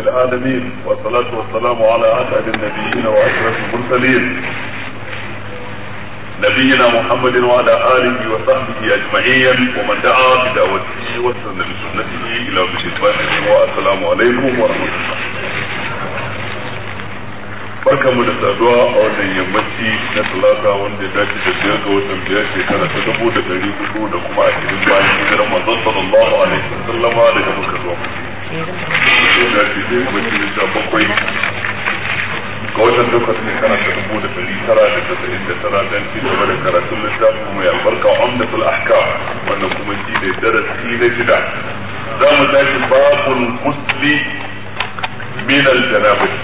العالمين والصلاة والسلام على أسعد النبيين وأشرف المرسلين نبينا محمد وعلى آله وصحبه أجمعين ومن دعا بدعوته وسن بسنته إلى بشفاته والسلام عليكم ورحمة الله barkan mu da saduwa a wannan yammaci na talata wanda ya dace da biyar ga watan biyar shekara ta dubu da dari hudu da kuma ashirin bayan hijirar manzon sallallahu alaihi wasallama daga muka zuwa mutum ga watan takwas ne kana ta dubu da dari tara da tasa'in da tara don ci gaba da karatun littafin mai albarka umdatul ahkam wannan kuma shi ne darasi na shida za mu tashi babul musli min al janabati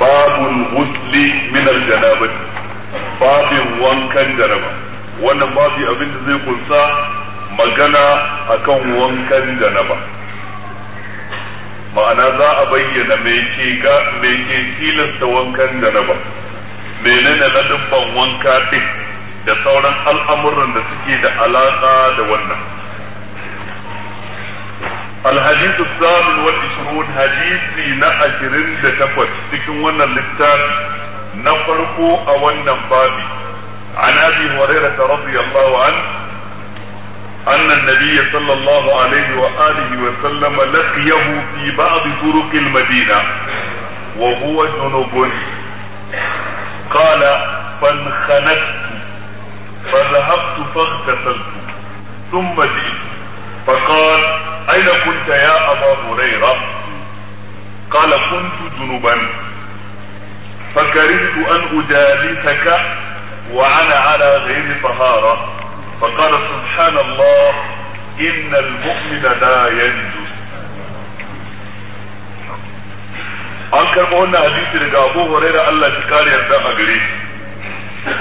babul musli min al janabati babin wankan janaba wannan babi abin da zai kunsa magana akan wankan janaba ma'ana za a bayyana mai ke ga mai ke tilasta wankan da janaba menene ladabban wanka din da sauran al'amuran da suke da alaka da wannan الحديث الثامن والعشرون حديثي نأشرين لتفت تكون وانا اللتان نفرق أولا بابي عن أبي هريرة رضي الله عنه أن النبي صلى الله عليه وآله وسلم لقيه في بعض طرق المدينة وهو جنوب قال فانخنقت فذهبت فاغتسلت ثم جئت فقال أين كنت يا أبا هريرة قال كنت جنبا فكرهت أن أجالسك وأنا على غير طهارة فقال سبحان الله إن المؤمن لا ينجو an karɓi wannan hadisi daga Abu Huraira Allah shi kare yarda a gare shi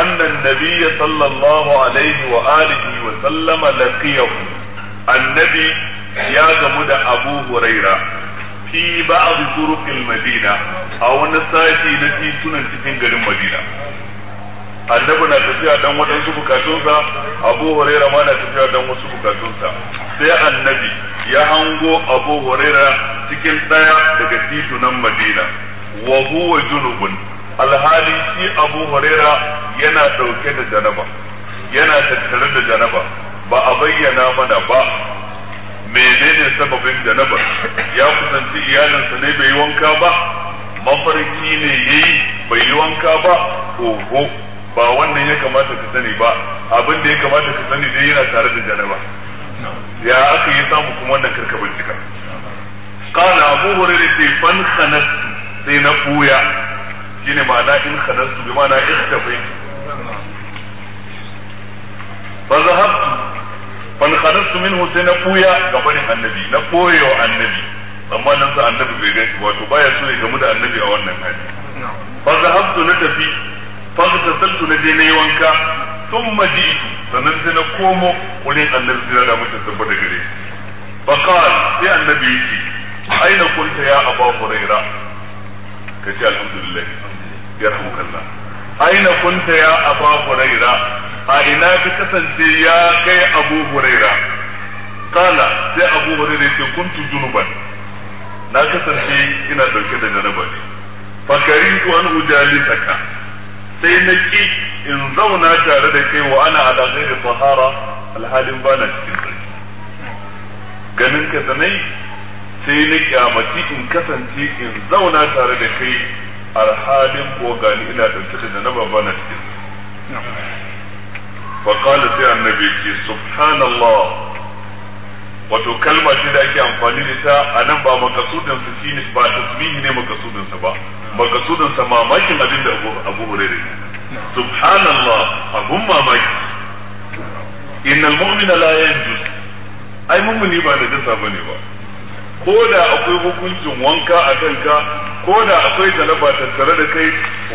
annan nabiyya sallallahu alaihi wa alihi wa sallama laqiyahu annabi ya gamu da Abu Huraira fi ba'd turuqil madina a wani sashi na titunan cikin garin Madina annabi na tafiya dan waɗansu bukatunsa abu huraira ma na tafiya dan wasu bukatunsa sai annabi ya hango abu huraira cikin ɗaya daga titunan madina wa huwa junubun alhali shi abu huraira yana ɗauke da janaba yana tattare da janaba ba a bayyana mana ba menene sababin janaba ya kusanci iyalinsa ne bai wanka ba mafarki ne yayi bai yi wanka ba oho ba wannan ya kamata ka sani ba abin da ya kamata ka sani dai yana tare da janaba ya aka yi samu kuma wannan karka bincika Kana abu da ke fan khanastu sai na buya shine ma'ana in khanastu bi ma'ana ikhtafaitu fa zahabtu fan khanastu minhu sai na buya gaban annabi na koyo annabi amma nan sa annabi bai gani wato baya so ya gamu da annabi a wannan hali fa zahabtu na tafi faqta saltu na je yi wanka thumma ji'tu sannan sai na komo wurin annabi sai da mutum da gare shi sai annabi yace aina kunta ya aba huraira ce alhamdulillah kalla aina kunta ya aba huraira a ina ka kasance ya kai abu huraira kala sai abu huraira ya ce kuntu junuban na kasance ina dauke da janaba ne fakarin tu an ujalisa ka sai na ki in zauna tare da kai wa ana ala ghairi tahara alhalin bana cikin sarki ganin ka da nai sai na kyamaci in kasance in zauna tare da kai alhalin ko gani ina dauke da janaba bana cikin fa qala sai annabi ce subhanallah wato kalma ce da ake amfani da ita a nan ba makasudin su shine ba tasbihi ne makasudin su ba makasudin sa mamakin abin da Abu Hurairah subhanallah abun mamaki innal mu'mina la yanjus ai mu'mini ba da jasa bane ba ko da akwai hukuncin wanka a kanka ko da akwai talaba tattare da kai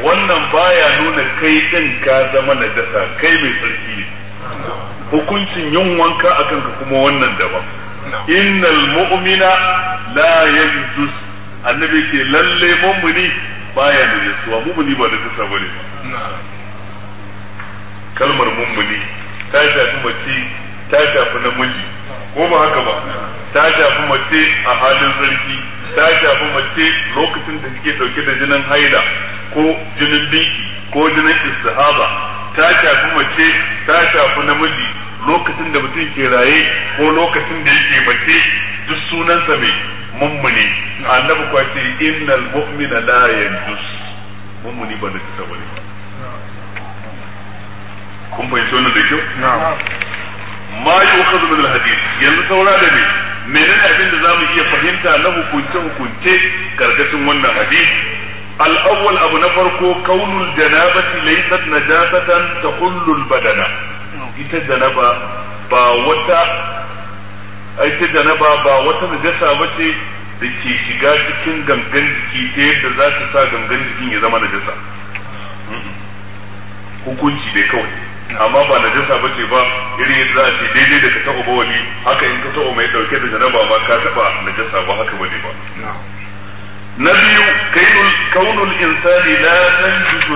wannan baya nuna kai din ka zama na jasa kai mai tsarki ne hukuncin yin wanka a kanka kuma wannan daban innal mu'mina la yanjus annabi ce lalle mummuni baya da nutsuwa mummuni ba da tasa bane kalmar mummuni ta shafi mace ta shafi namiji ko ba haka ba ta shafi mace a halin sarki ta shafi mace lokacin da take dauke da jinin haila ko jinin biki ko jinin istihaba ta shafi mace ta shafi namiji lokacin da mutum ke raye ko lokacin da yake mace duk sunansa mai mummuni annabi kuwa ce innal mu'mina la yajus mummuni ba da ta ne. kun fahimci wannan da kyau ma yi ukhadhu min hadith. yanzu saura da me menene abin da zamu iya fahimta na hukunce hukunce karkashin wannan hadisi الأول أبو نفركو كون الجنابة ليست نجاسة تحل badana ita janaba ba wata aiki da na ba wata najasa ba ce da ke shiga cikin gangan jiki ta yadda za ta sa gangan jikin ya zama najasa hukunci dai kawai amma ba najasa ba ce ba irin yadda za a ce daidai da ka taɓa wani haka in ka taɓa mai ɗauke da janaba ma ka taɓa najasa ba haka ba ne ba na biyu kaunul insani la za su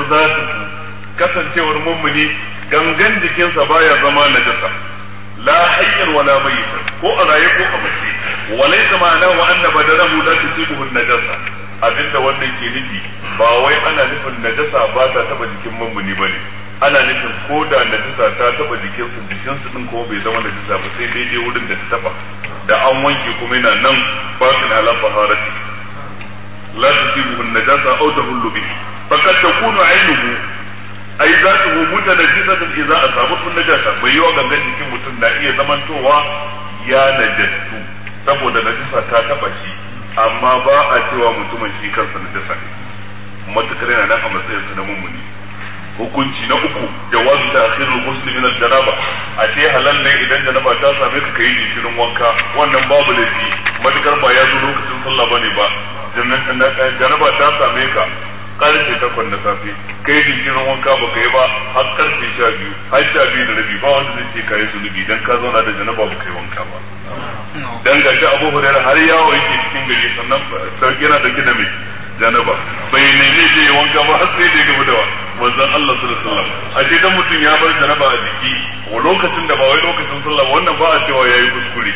kasancewar mummuni gangan jikinsa baya zama najasa la hayyan wala mayyitan ko a raye ko a mace walaysa ma'anahu anna badanahu la tusibuhu najasa abinda wannan ke nufi ba wai ana nufin najasa ba ta taba jikin mummuni bane ana nufin ko da najasa ta taba jikinsu su jikin bai zama najasa ba sai daidai wurin da ta taba da an wanke kuma yana nan bakin ala baharati la tusibuhu najasa aw tahullu bihi faqad takunu aynuhu ai za su hu sun idza jasa bai mai wa gangan jikin mutum na iya zamantowa ya na jasu saboda najasa ta taba shi amma ba a cewa mutumin shi kansa jasa ne Matukar yana nan a matsayin su na mummuni hukunci na uku jawazu ta akhirul ghusl min al-janaba a ce halal ne idan janaba ta same ka kai jinkirin wanka wannan babu laifi matukar ba ya zo lokacin sallah bane ba janaba ta same ka karfe takwas na safe kai jinkirin wanka ba ka yi ba har karfe sha biyu har sha biyu da rabi ba wanda zai ce ka yi zunubi dan ka zauna da janaba ba ka yi wanka ba dan shi abu hurairar har yawo yake cikin gari sannan sauki yana dauke da mai janaba bai ne zai je wanka ba har sai da gaba da wanzan Allah sallallahu alaihi wasallam a ce dan mutum ya bar janaba a jiki wa lokacin da ba wai lokacin sallah wannan ba a cewa yayi kuskure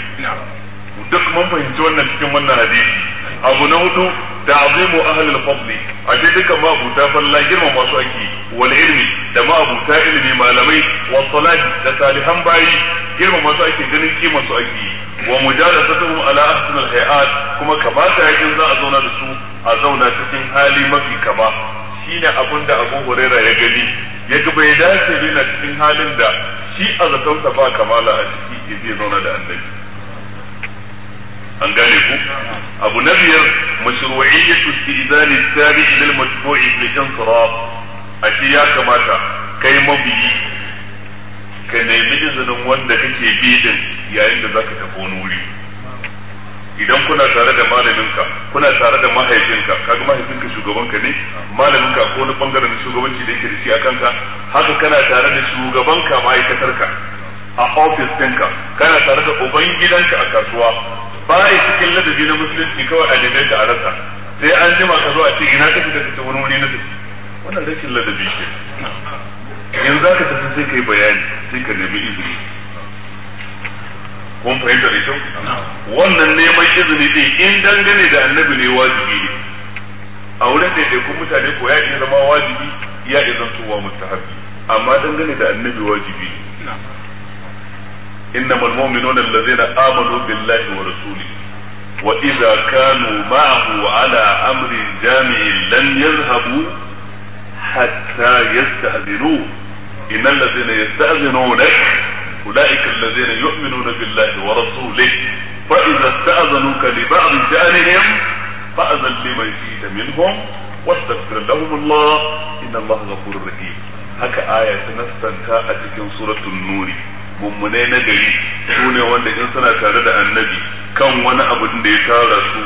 duk mun fahimci wannan cikin wannan hadisi abu na hudu da ahlul fadli a ce duka ma abuta falla girma masu ake wal ilmi da ma abuta ilmi malamai wa salati da salihan bayi girma masu ake ganin kima su ake wa mujalasatuhum ala ahsan al hayat kuma kamata yakin za a zauna da su a zauna cikin hali mafi kama shine abin da Abu horera ya gani ya ga bai dace ne na cikin halin da shi a ta ba kamala a ciki zai zauna da annabi an gane ku abu na biyar mashru'iyyatu istizan tabi lil matbu'i bi insiraf shi ya kamata kai mabiyi ka nemi izinin wanda kake bi din yayin da zaka tafi wani wuri idan kuna tare da malaminka kuna tare da mahaifinka kaga mahaifinka shugabanka ne malaminka ko wani bangaren shugabanci da yake da shi a kanka haka kana tare da shugabanka ma'aikatarka a ofis ɗinka kana tare da uban gidanka a kasuwa ba yi cikin ladabi na musulunci kawai a daidai da arasa sai an jima ka zo a ce ina kake daga wani wuri na tafi wannan rashin ladabi ke yanzu za ka tafi sai ka yi bayani sai ka nemi izini kun fahimta da kyau wannan neman izini din in dangane da annabi ne wajibi ne a wurin kun mutane ko ya iya zama wajibi ya iya zantowa mustahabi amma dangane da annabi wajibi ne إنما المؤمنون الذين آمنوا بالله ورسوله وإذا كانوا معه على أمر جامع لن يذهبوا حتى يستأذنوه إن الذين يستأذنونك أولئك الذين يؤمنون بالله ورسوله فإذا استأذنوك لبعض شأنهم فأذن لمن شئت منهم واستغفر لهم الله إن الله غفور رحيم هكا آية نستنتا أتكن سورة النور mummunai na gari su ne wanda in suna tare da annabi kan wani abu da ya tara su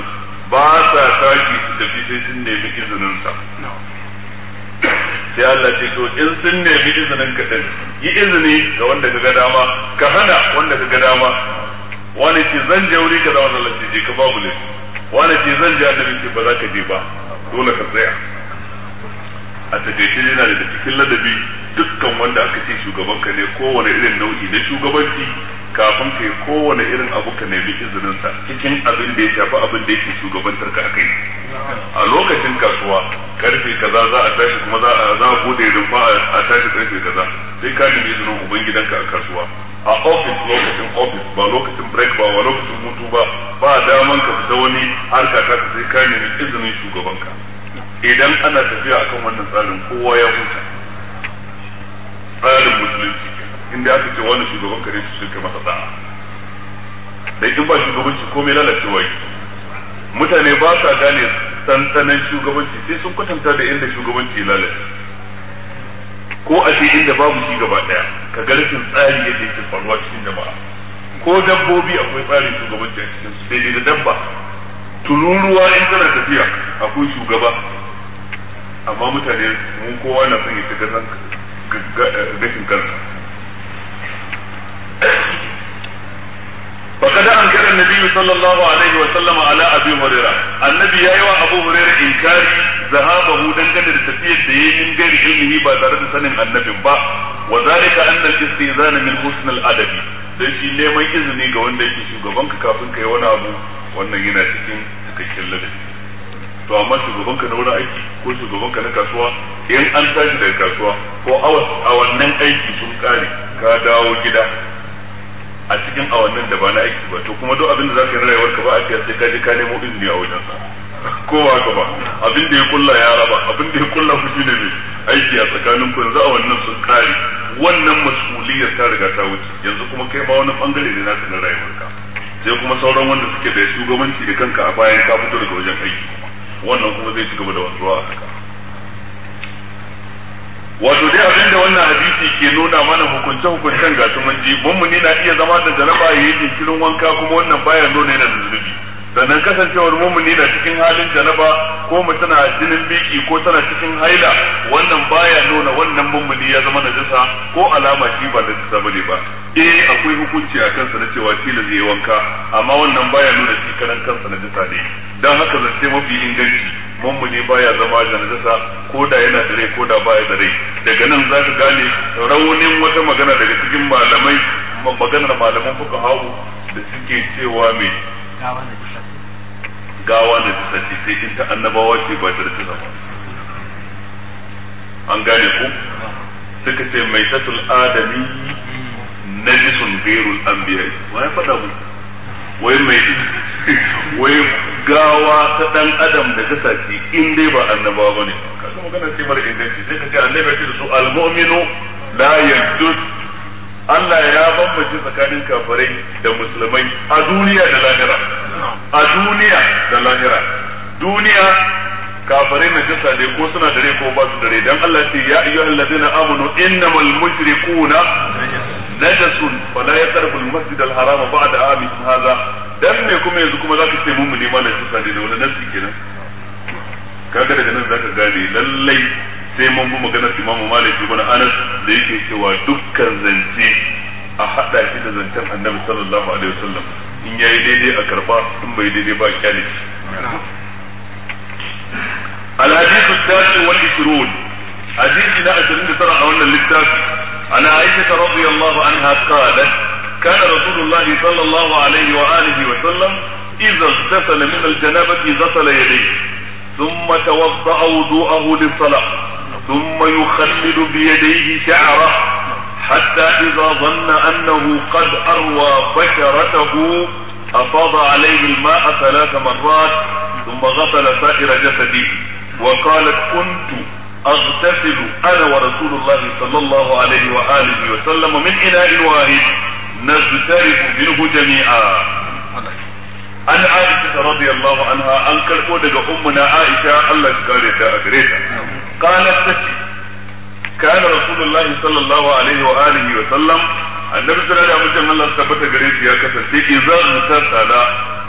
ba sa tashi su tafi sai sun nemi izininsa sai Allah ce to in sun nemi izinin ka din yi izini ga wanda ka ga dama ka hana wanda ka ga dama wani ce zan je wuri ka zama Allah ce je ka babu ne wani ce zan je annabi ce ba za ka je ba dole ka tsaya a shi yana da cikin ladabi dukkan wanda aka ce shugabanka ne kowane irin nau'i na shugabanci kafin kai kowane irin abu ka nemi izinin sa cikin abin da ya shafi abin da yake shugabantar ka akai a lokacin kasuwa karfe kaza za a tashi kuma za a za bude rumfa a tashi karfe kaza sai ka nemi izinin ubangidanka a kasuwa a office lokacin office ba lokacin break ba ba lokacin hutu ba ba daman ka fita wani harka ta sai ka nemi izinin shugabanka idan ana tafiya akan wannan tsarin kowa ya huta tsarin musulunci inda aka ce wani shugaban kare su shirka masa da'a da in ba shugabanci komai lalacewa yi mutane ba sa gane tsantsanan shugabanci sai sun kwatanta da inda shugabanci lalace ko a ce inda babu shi gaba daya ka ga rashin tsari yadda yake faruwa cikin jama'a ko dabbobi akwai tsarin shugabanci a cikin su sai da dabba tururuwa in tana tafiya akwai shugaba amma mutane mun kowa na son ya shiga Eh, rashin kansa فقد انكر النبي صلى الله عليه وسلم على abu هريره النبي يا ايها ابو هريره انكار ذهابه دنگن da tafiyar da yayi min gari ilmihi ba tare da sanin annabin ba وذلك ان الاستئذان من حسن الادب dan shi neman izini ga wanda yake shugabanka kafin ka yi wani abu wannan yana cikin cikakken ladabi to amma shugabanka na wurin aiki ko shugabanka na kasuwa in an tashi daga kasuwa ko awannan aiki sun kare ka dawo gida a cikin awannin da ba na aiki ba to kuma duk abin da za yi rayuwar ka ba a sai ka je ka nemo izini a wajen sa kowa ka ba abin ya kulla ya raba abin ya kulla ku shine ne aiki a tsakanin ku yanzu awannin sun kare wannan mas'uliyar ta riga ta wuce yanzu kuma kai ba wani bangare ne naka na rayuwar ka sai kuma sauran wanda suke da shugabanci da kanka a bayan ka fito daga wajen aiki wannan kuma zai ci gaba da wanzuwa a haka wato dai abin da wannan hadisi ke nuna mana hukunce hukuncen ga tumanji mummuni na iya zama da jaraba yayin jinkirin wanka kuma wannan baya nuna yana da zunubi sannan kasancewar mumuni na cikin halin janaba ko mu tana jinin biki ko tana cikin haila wannan baya nuna wannan mumuni ya zama najasa ko alama shi ba jisa bane ba eh akwai hukunci a kansa na cewa da zai wanka amma wannan baya nuna shi karan kansa na jisa ne dan haka zance mafi inganci mumuni baya zama da jisa ko da yana da rai ko da baya da rai daga nan za ka gane raunin wata magana daga cikin malamai maganar malaman fuka hawu da suke cewa mai gawa na jisa ce sai in ta annabawa ce ba ta da ba an gane ku suka ce mai tatul adami najisun gairul anbiya wa ya faɗa mu wai mai wai gawa ta dan adam da jisa ce in dai ba annabawa ne kasu magana ce mara inganci sai ka ce annabi ce da su al-mu'minu la yadda Allah ya bambanci tsakanin kafirai da musulmai a duniya da lahira a duniya da lahira duniya kafirai na jasa ne ko suna dare ko ba su dare dan Allah ce ya ayyuhal ladina amanu innamal mushrikuna najasun fala yaqrabu ya masjid al-harama ba'da amin hadha dan me kuma yanzu kuma zaka ce mun ne ma na jasa ne da wani nasi kenan kaga daga nan zaka gane lallai sai mun bi maganar Imam Malik wani anas da yake cewa dukkan zance a hada shi da zancen annabi sallallahu alaihi wasallam in yayi daidai a karba in bai daidai ba kyale shi al hadithu thalathu wa ishrun hadithi na 29 a wannan littafi ana aisha radiyallahu anha qalat كان رسول الله صلى الله عليه وآله وسلم إذا اغتسل من الجنابة غسل يديه ثم توضأ وضوءه للصلاة ثم يخلل بيديه شعره حتى إذا ظن أنه قد أروى بشرته أفاض عليه الماء ثلاث مرات ثم غسل سائر جسده وقالت كنت أغتسل أنا ورسول الله صلى الله عليه وآله وسلم من إناء واحد نزترف منه جميعا أن عائشة رضي الله عنها أنكر أودك أمنا عائشة الله كارثة أجريتها qalat tace kana rasulullahi sallallahu alaihi wa alihi wa sallam annabi sallallahu alaihi wa sallam Allah tabbata gare shi ya kasance idza mutasala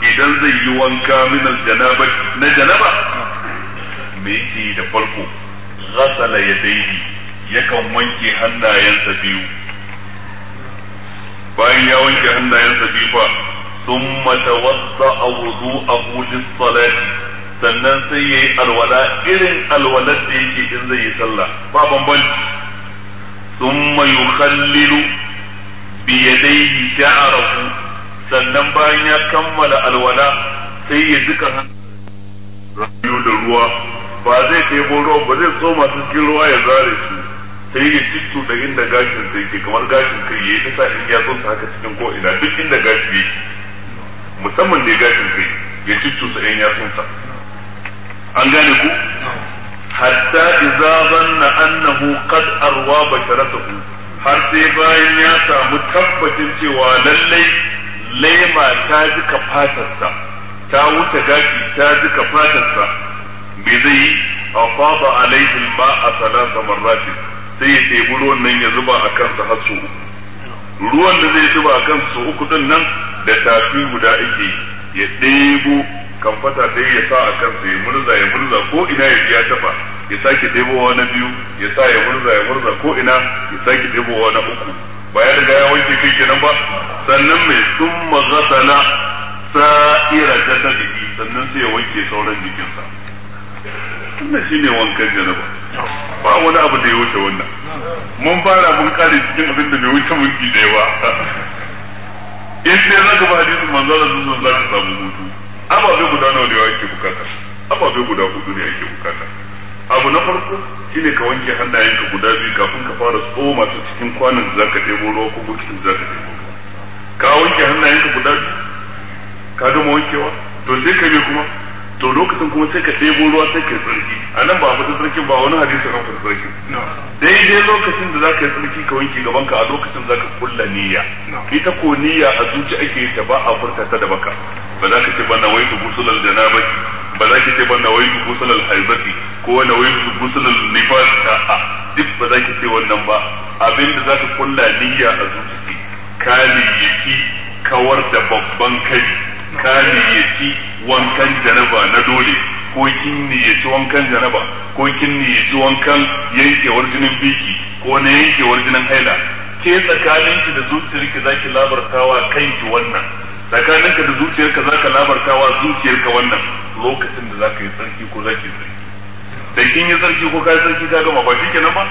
idan zai yi wanka min aljanaba na janaba me da farko ghasala yadayhi yakan wanke hannayensa biyu bayan ya wanke hannayensa biyu fa thumma tawadda wudu'ahu lis-salati sannan sai ya yi alwala irin alwalar da yake in zai yi sallah ba bambanci thumma yukhallilu bi yadayhi sha'arahu sannan bayan ya kammala alwala sai ya duka rayu da ruwa ba zai tebo boro ba zai tsoma su cikin ruwa ya zare su sai ya ciccu da inda gashin sai ke kamar gashin kai ya yi ta sa in ya zo haka cikin ko ina duk inda gashi yake musamman da gashin kai ya ciccu sa in ya tsunsa an gane ku hatta idza zanna annahu qad arwa basharatuhu har sai bayan ya samu tabbacin cewa lallai laima ta jika sa, ta wuce gashi ta jika sa. me zai yi afaba alaihi ba a salasa marratin sai ya ɗebi ruwan nan ya zuba a kansa har su ruwan da zai zuba a kansa su uku din nan da tafi guda ake ya ɗebo kan fata dai ya sa a kansa ya murza ya murza ko ina ya biya tafa ya sake debowa na biyu ya sa ya murza ya murza ko ina ya sake debowa na uku ba ya riga ya wanke kai kenan ba sannan mai sun magasala sa'ira ta ta jiki sannan sai ya wanke sauran jikinsa wannan shi ne wankan janaba ba wani abu da ya wuce wannan mun fara mun kare cikin abin da bai wuce mun ki da yawa in dai zaka ba hadisin manzo Allah sun zaka samu hutu ababe guda nawa ne yake bukata ababe guda hudu ne yake bukata abu na farko shine ka wanke hannayenka guda biyu kafin ka fara tsoma ta cikin kwanan da zaka debo ruwa ko bukin da zaka debo ka wanke hannayenka guda biyu ka gama wankewa to sai ka je kuma to lokacin kuma sai ka ɗebo ruwa sai ka yi tsarki a nan ba a mutu tsarkin ba wani hadisi kan fata tsarki daidai lokacin da za ka yi tsarki ka wanke gaban ka a lokacin za ka kulla niyya ita ko niyya a zuci ake ta ba a furta ta da baka ba za ka ce ba na wai da gusulal janabati ba za ka ce ba na wai da gusulal haibati ko na wai da gusulal nifas a duk ba za ka ce wannan ba abinda za ka kulla niyya a zuci ka liyaki kawar da babban kai ka niyyaci wankan janaba na dole ko kin niyyaci wankan janaba ko kin niyyaci wankan yankewar jinin biki ko na yankewar jinin haila ke tsakaninki da zuciyarki zaki labartawa kanki wannan tsakaninka da zuciyarka zaka labartawa zuciyarka wannan lokacin da zaka yi tsarki ko zaki yi tsarki da kin yi tsarki ko ka tsarki ka gama ba nan ba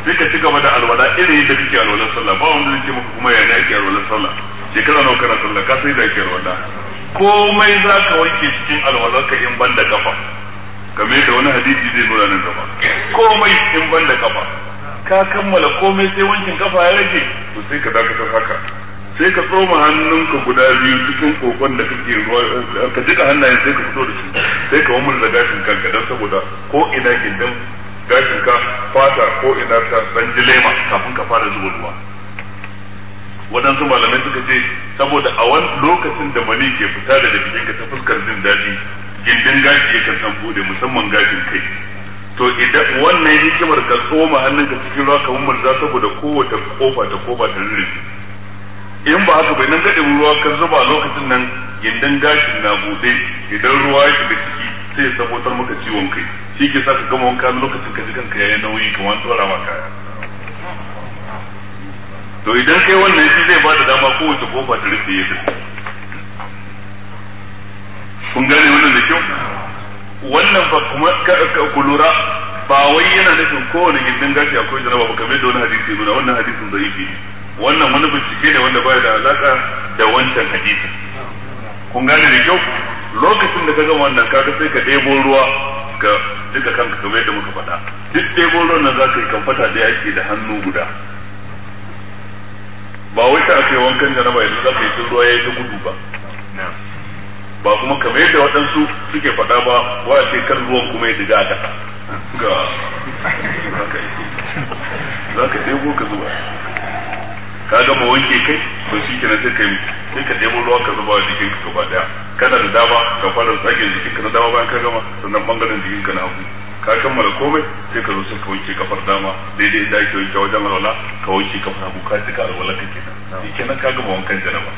sai ka ci gaba da alwala irin da kake alwalar sallah ba wanda zai ce maka kuma ya na yake alwalar sallah shekara nawa kana sallah ka sai da yake alwala komai za ka wanke cikin alwalarka in ban da kafa kamar da wani hadisi zai nuna nan gaba komai in ban da kafa ka kammala komai sai wankin kafa ya rage to sai ka dakatar haka sai ka tsoma hannunka guda biyu cikin kokon da kake ruwa eh, ka jika hannayen sai ka fito da shi sai ka wamur da gashin kanka dan saboda ko ina gindan gashin ka fata ko ina ta dan jilema kafin ka fara zuwa ruwa waɗansu malamai suka ce saboda a wani lokacin da mani ke fita daga jikinka ta fuskar jin daɗi gindin gashi kan san bude musamman gashin kai to idan wannan hikimar ka tsoma hannunka cikin ruwa kamar murza saboda kowace kofa ta kofa ta rurrufe in ba haka bai nan daɗin ruwa ka zuba lokacin nan gindin gashin na bude idan ruwa ya shiga ciki sai ya sabotar maka ciwon kai shi ke sa ka gama wanka lokacin ka ji kanka yayi nauyi kamar tsora kaya. to idan kai wannan shi zai ba da dama kowace kofa ta rufe ya kun gane wannan da kyau wannan ba kuma ku lura ba wai yana nufin kowane gindin gashi akwai jaraba ba kamar da wani hadisi nuna wannan hadisin zai ne wannan wani bincike ne wanda baya da alaka da wancan hadisi kun gane da kyau lokacin da ka gama wannan kaga sai ka ɗebo ruwa ka duka kanka kamar yadda muka faɗa duk ɗebo ruwan nan za ka yi kamfata da yaki da hannu guda ba wai ta ce wankan janaba yanzu za ka yi tun ruwa ya yi ta gudu ba ba kuma kame yadda waɗansu suke faɗa ba wa ce kan ruwan kuma ya diga a ƙasa ga za ka ɗebo ka zuba ka gama wanke kai ba shi kenan sai ka yi sai ka ɗebo ruwa ka zuba a jikinka ka ba daya kana da dama ka fara tsagen jikinka na dama bayan ka gama sannan bangaren jikinka na hagu ka kammala komai sai ka zo sai ka wanke kafar dama daidai inda ake wanke wajen alwala ka wanke kafar hagu ka cika alwala ka kenan kenan ka gama wankan janaba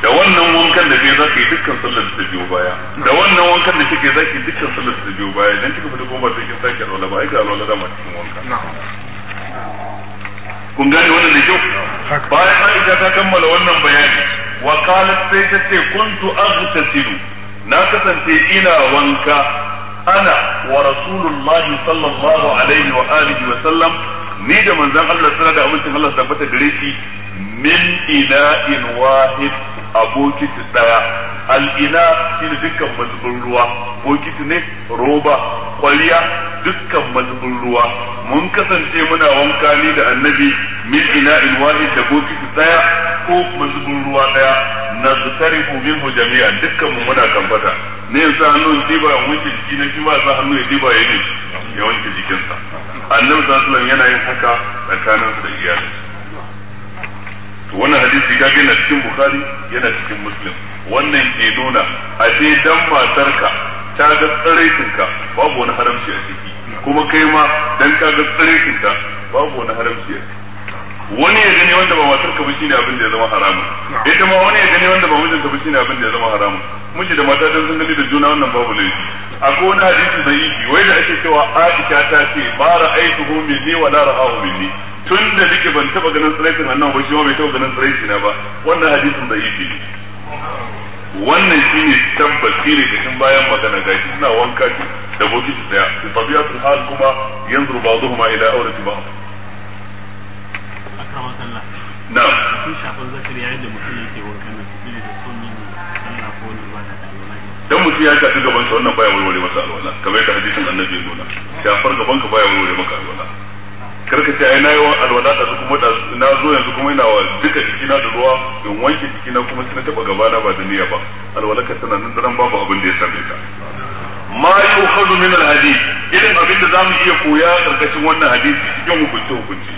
da wannan wankan da ke za ka yi dukkan sallar da biyo baya da wannan wankan da kike za yi dukkan sallar da biyo baya idan kika fita goma sai kin sake alwala ba ai ga alwala dama cikin wanka kun gane wannan da kyau bayan Aisha ta kammala wannan bayani wa qalat sai ta ce kuntu aghtasilu na kasance ina wanka ana wa rasulullahi sallallahu alaihi wa alihi wa sallam ni da manzon Allah sallallahu alaihi wa sallam Allah tabbata gare shi min ina ina'in wahid a bokiti daya al'ina ne dukkan mazubin ruwa bokiti ne roba kwaliya dukkan mazubin ruwa mun kasance muna wanka ni da annabi min ina in wahid da bokiti daya ko mazubin ruwa daya zutari minhu jami'an dukkan mu muna kambata ne yasa hannu hannun diba ya wanke jiki na shi ba sa hannu ya diba ya ne ya wanke jikinsa annabi sallallahu yana yin haka tsakaninsu da iyalinsa to wannan hadisi ga yana cikin bukhari yana cikin muslim wannan ke nuna a ce dan matarka ta ga tsaraitinka babu wani haramci a ciki kuma kai ma dan ka ga tsaraitinka babu wani haramci a ciki wani ya gani wanda ba matarka ba shine abin da ya zama haramun ita ma wani ya gani wanda ba mijinta ba shine abin da ya zama haramun miji da mata dan sun gani da juna wannan babu laifi akwai wani hadisi da yi wai da ake cewa Aisha ta ce ba ra'aytuhu minni wa la ra'ahu minni tun da nake ban taba ganin tsiraitin annabi ba shi ma bai taba ganin na ba wannan hadisin da yake wannan shine tabbaci ne cikin bayan magana ga shi suna wanka shi da bokiti daya fi tabiatul hal kuma yanzuru ba'dhuma ila awrati ba'd akrama da mutum yake wankan nan su da sunni Allah ko ne ba ta dan mutum ya shafi gaban sa wannan baya warware masa alwala kamar yadda hadisin annabi ya nuna shafar gaban ka baya warware maka alwala karka ce ai nayi alwala da su kuma da na zo yanzu kuma ina wa duka jikina da ruwa in wanke jikina kuma sai na taba gaba na ba da niyya ba alwala ka tana nan daren babu abin da ya same ka ma yukhadhu min hadith irin abin da zamu iya koya karkashin wannan hadisi cikin hukunci hukunci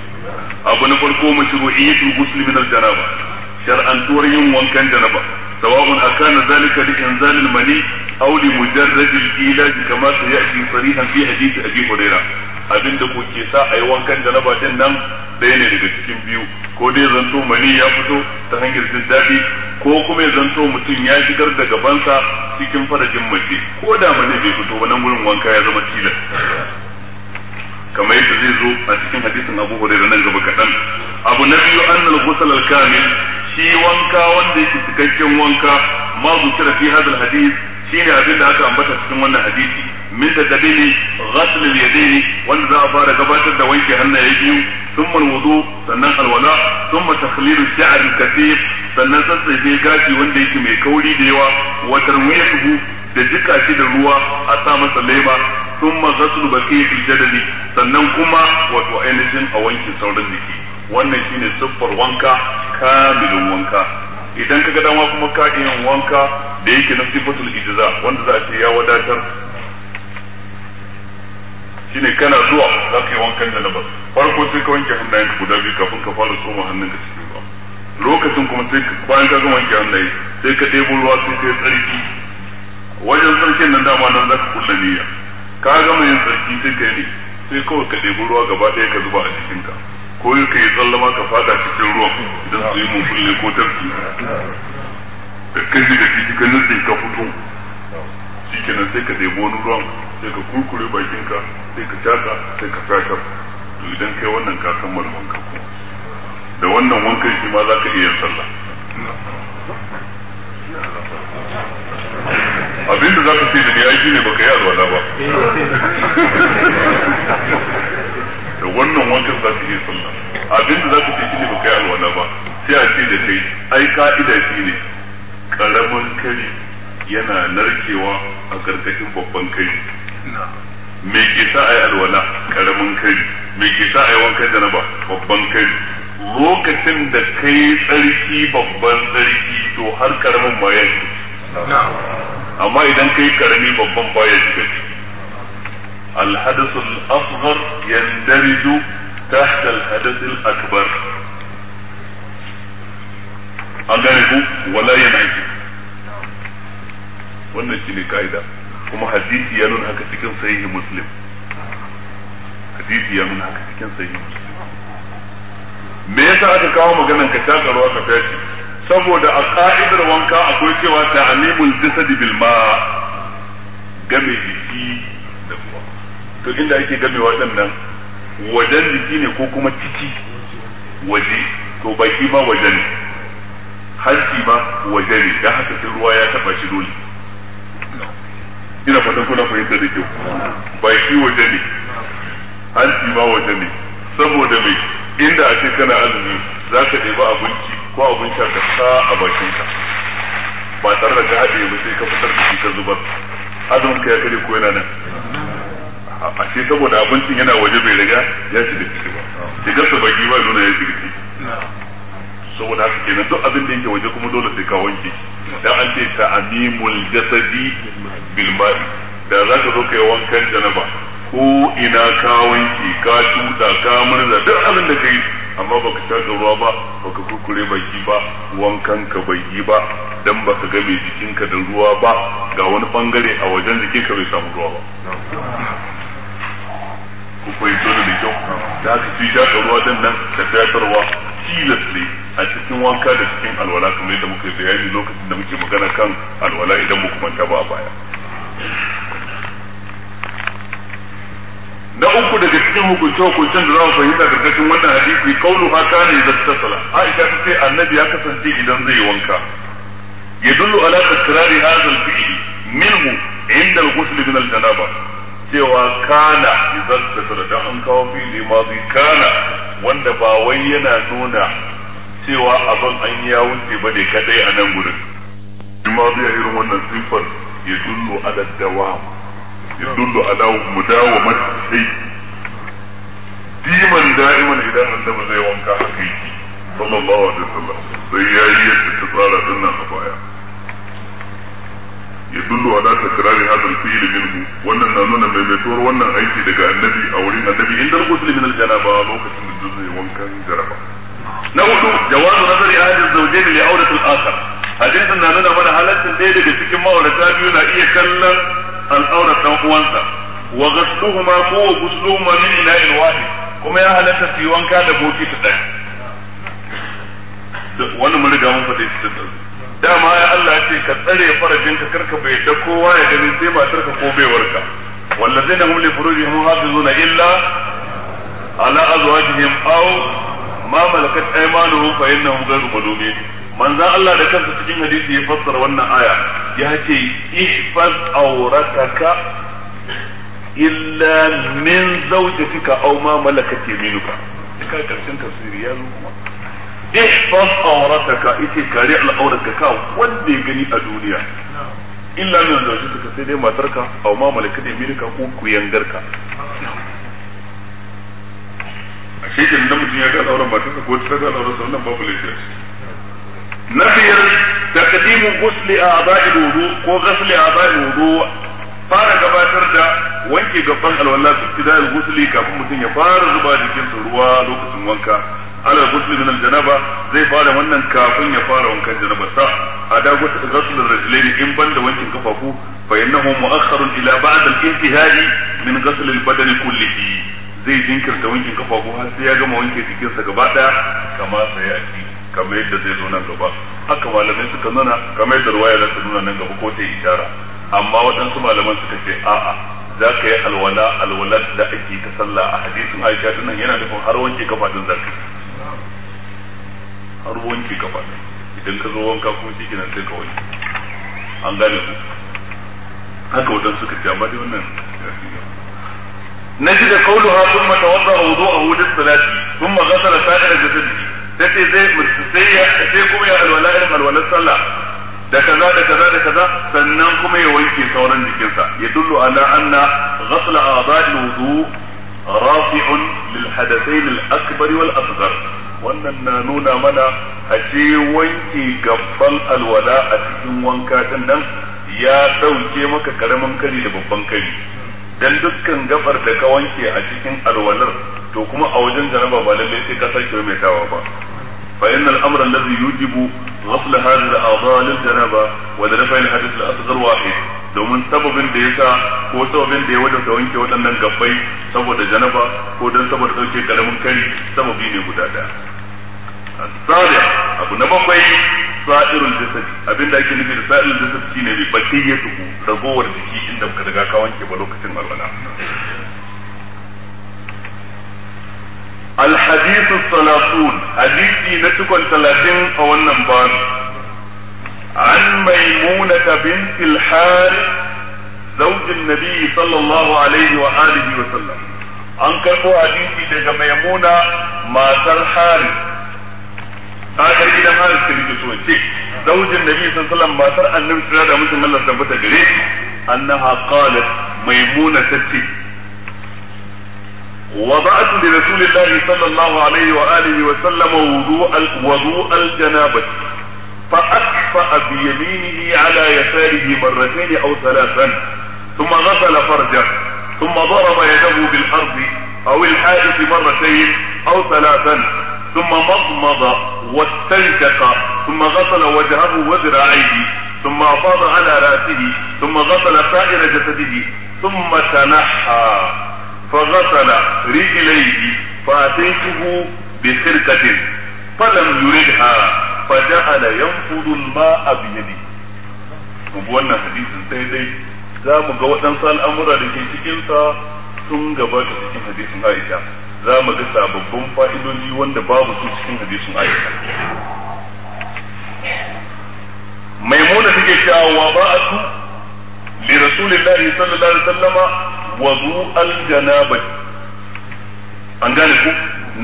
abu na farko mashru'iyyatul ghusl min shar'an tuwar yin wankan janaba sawa'un akana zalika li inzal mani aw li mujarrad ilaj kama sayati sarihan fi hadith abi hurairah abin da ku ke sa a yi wankan janaba din nan ɗaya ne daga cikin biyu ko dai zanto mani ya fito ta hanyar jin daɗi ko kuma ya zanto mutum ya shigar da gabansa cikin farajin mace ko da mani bai fito ba nan gurin wanka ya zama tilas kamar yadda zai zo a cikin hadisin Abu da nan gaba kaɗan abu na biyu annal ghusl al shi wanka wanda yake cikakken wanka ma da fi hadal hadis shine abin da aka ambata cikin wannan hadisi min da dabili ghasl al yadayn wanda za a fara gabatar da wanke hannaye biyu thumma al wudu sannan alwala thumma takhlil al sha'r al kathif sannan tsatsaye gashi wanda yake mai kauri da yawa wa tarwiyatuhu da jika shi da ruwa a sa masa leba thumma ghasl baqiy al jadali sannan kuma wato ainihin a wanke sauran jiki wannan shine siffar wanka kamilun wanka idan kaga dama kuma ka iya wanka da yake na sifatul ijza wanda za a ce ya wadatar shine kana zuwa za ka yi wankan da ba farko sai ka wanke ka guda biyu kafin ka fara tsoma ka cikin ruwa lokacin kuma sai ka bayan ka gama wanke hannaye sai ka ɗebo ruwa sai ka yi tsarki wajen tsarkin nan dama nan za ka kulle niyya ka gama yin tsarki sai ka yi sai kawai ka ɗebo ruwa gaba ɗaya ka zuba a ka ko ka yi tsallama ka fada cikin ruwan idan su yi mun kulle ko tafki ka kashi da ciki ka nutse ka fito shi kenan sai ka ɗebo wani ruwan sai ka kurkure bakinka sai ka taka sai ka sakar to idan kai wannan ka kammala ka da wannan wankan shi ma za ka iya sallah abin da za ka ce da ni aiki ne baka yi alwala ba da wannan wankan za ka iya sallah abin da za ka ce shi ne baka yi alwala ba sai a ce da kai ai ka'ida shi ne karamin kari yana narkewa a karkashin babban kari me ke sa ai alwala karamin kari me ke sa ai wankan janaba babban kari lokacin da kai tsarki babban tsarki to har karamin ma ya shi amma idan kai karami babban baya shiga ciki الحدث الأصغر يندرج تحت الحدث الأكبر أغرب ولا ينعكس wannan shine ka'ida kuma hadisi ya nuna haka cikin sahihi muslim hadisi ya nuna haka cikin sahihi muslim me yasa aka kawo maganan ka taka ruwa ka fashi saboda a ka'idar wanka akwai cewa ta'limul jasadi bil ma game jiki da ruwa to inda ake game waɗannan wajen jiki ne ko kuma ciki waje to baki ma waje ne hanci ma waje ne haka sai ruwa ya taba shi dole ina fatan kuna fahimta da kyau baki waje ne hanci ma waje ne saboda mai inda a ce kana azumi za ka ɗeba abinci ko abin sha ka sa a bakinka ba tare da ka haɗe ba sai ka fitar da shi ka zubar azumin ka ya kare ko yana nan a ce saboda abincin yana waje bai riga ya shiga ciki ba shigar gasa baki ba nuna ya shiga ciki saboda haka kenan duk abin da yake waje kuma dole sai ka wanke shi da an ce ta'mimul jasadi bil ma'i da za ka zo kai wankan janaba ko ina ka wanke ka tuta ka murza duk abin da kai amma baka taka ruwa ba baka kurkure baki ba wankan ka bai yi ba dan baka ga mai jikinka da ruwa ba ga wani bangare a wajen jikinka bai samu ruwa ba kun fahimci da kyau da haka da shaƙa ruwa don nan da fayatarwa tilas a cikin wanka da cikin alwala kamar yadda muka yi bayani lokacin da muke magana kan alwala idan muka manta ba a baya na uku daga cikin hukunce hukuncen da za mu fahimta karkashin wannan hadisi kaulu ha kana idan tasala aisha ta ce annabi ya kasance idan zai yi wanka yadullu ala takrari hadha al-fi'li minhu inda al da min al-janaba cewa kana idan tsara da an kawo fili mazi kana wanda ba wai yana nuna cewa abin an ya wuce ba ne kadai a nan gurin mazi zai irin wannan siffar ya dullo ala dawa ya mu dawo mudawamar shay diman da'iman idan annabi zai wanka haka yi. sallallahu alaihi wasallam sai ya yi yadda ta tsara dinnan a baya Yan tunduwa za ta kira Rihamu wannan na nuna maimaituwar wannan aiki daga annabi a wurin annabihindar kusurin minisitana bawa lokacin da dutse ya ya jaraba. Na huɗu, Jawadu na zari a ajin sauye da ya aure na nuna mana halartar ɗaya daga cikin mawa biyu na iya kallon al'aurata uwansa. Wagadu huma kowokutu soma ni ya ina kuma ya halarta siwon kada boki su ɗaya. Wannan mu riga mun faɗai sun dama ya Allah ce ka tsare ka karka bai da kowa ya gani sai ka ko baiwarka wallazina hum li furujihim hafizuna illa ala azwajihim aw ma malakat aymanuhum fa innahum ghayru malumin manzan Allah da kansa cikin hadisi ya fassara wannan aya ya ce ihfaz awrataka illa min zawjatika aw ma malakat yaminuka duka karshen tafsiri ya zo kuma ihfaz awrataka yace kare al'auratka ka wanda ya gani a duniya illa min zawjataka sai dai matarka aw ma malakat yaminika ko kuyangarka a shekin da mutum ya ga al'auran matarsa ko ta ga al'auran sa wannan babu lafiya na biyar taqdimu ghusli a'dha'il wudu ko ghusli a'dha'il wudu fara gabatar da wanke gaban alwala su tidal ghusli kafin mutum ya fara zuba jikinsa ruwa lokacin wanka ala gusli min janaba zai fara wannan kafin ya fara wankan janaba sa ada ghusl al in banda wankin kafafu fa innahu mu'akhkharun ila ba'd al intihai min ghusl al badan kullihi zai jinkirta wankin kafafu har sai ya gama wanke sa gaba daya kamar sai ya ci kamar yadda zai zo nan gaba haka malamai suka nuna kamar yadda ruwaya za ta nuna nan gaba ko ta ishara amma waɗansu malaman suka ce a'a za ka yi alwala alwala da ake ta sallah a hadisin aisha tunan yana nufin har wanke kafa din har wanke gaba idan ka zo wanka kuma shi kenan sai ka wanke an gane ku haka wadan suka ce amma dai wannan na shida kauluha thumma tawadda wudu'ahu lis-salati da ghasala da jasadihi sai sai sai sai kuma ya alwala irin alwalar sallah da kaza da kaza da kaza sannan kuma ya wanke sauran jikinsa ya dullu ala anna ghasl a'dha'il wudu rafi'un lil hadathayn al akbar wal asghar wannan na nuna mana a ce wanke gaban alwala a cikin wanka din nan ya ɗauke maka karamin kari da babban kari dan dukkan gabar da ka wanke a cikin alwalar to kuma a wajen janaba ba lallai sai ka sake mai tawa ba fa innal amra alladhi yujibu ghusl hadhihi al lil janaba wa darafa al-hadith al-asghar wahid domin sababin da yasa ko sababin da ya ka wanke waɗannan gabbai saboda janaba ko dan saboda dauke karamin kari sababi ne guda daya asabiya abu na bakwai sa'irun jisadi abinda ake nufi da sa'irun jisadi shine bai bakin ya tsugu ragowar jiki inda ka daga ka wanke ba lokacin albana. al hadithu salatun na tukun talatin a wannan babu an maimuna ta bintil har zaujin nabi sallallahu alaihi wa wa sallam an karbo hadisi daga maimuna matar har kakar gidan Haris ta rike so ce zaujin Nabi sallallahu alaihi wasallam matar Annabi sallallahu alaihi wasallam Allah tabbata gare shi annaha qalat maimuna tace وضعت لرسول الله صلى الله عليه وآله وسلم وضوء وضوء الجنابة فأكفأ بيمينه على يساره مرتين أو ثلاثا ثم غسل فرجه ثم ضرب يده بالأرض أو الحائط مرتين أو ثلاثا ثم مضمض واستنشق ثم غسل وجهه وذراعيه ثم أفاض على رأسه ثم غسل سائر جسده ثم تنحى فغسل رجليه فأتيته بخرقة فلم يردها فجعل ينفض الماء بيده wannan hadisin sai dai za mu ga waɗansu al'amura da ke cikinsa sun gabata za mu ga sababbin fa'idoji wanda babu su cikin hadisin aisha maimuna take cewa wa ba'atu li rasulillahi sallallahu alaihi wasallama wazu al-janabah an gane ku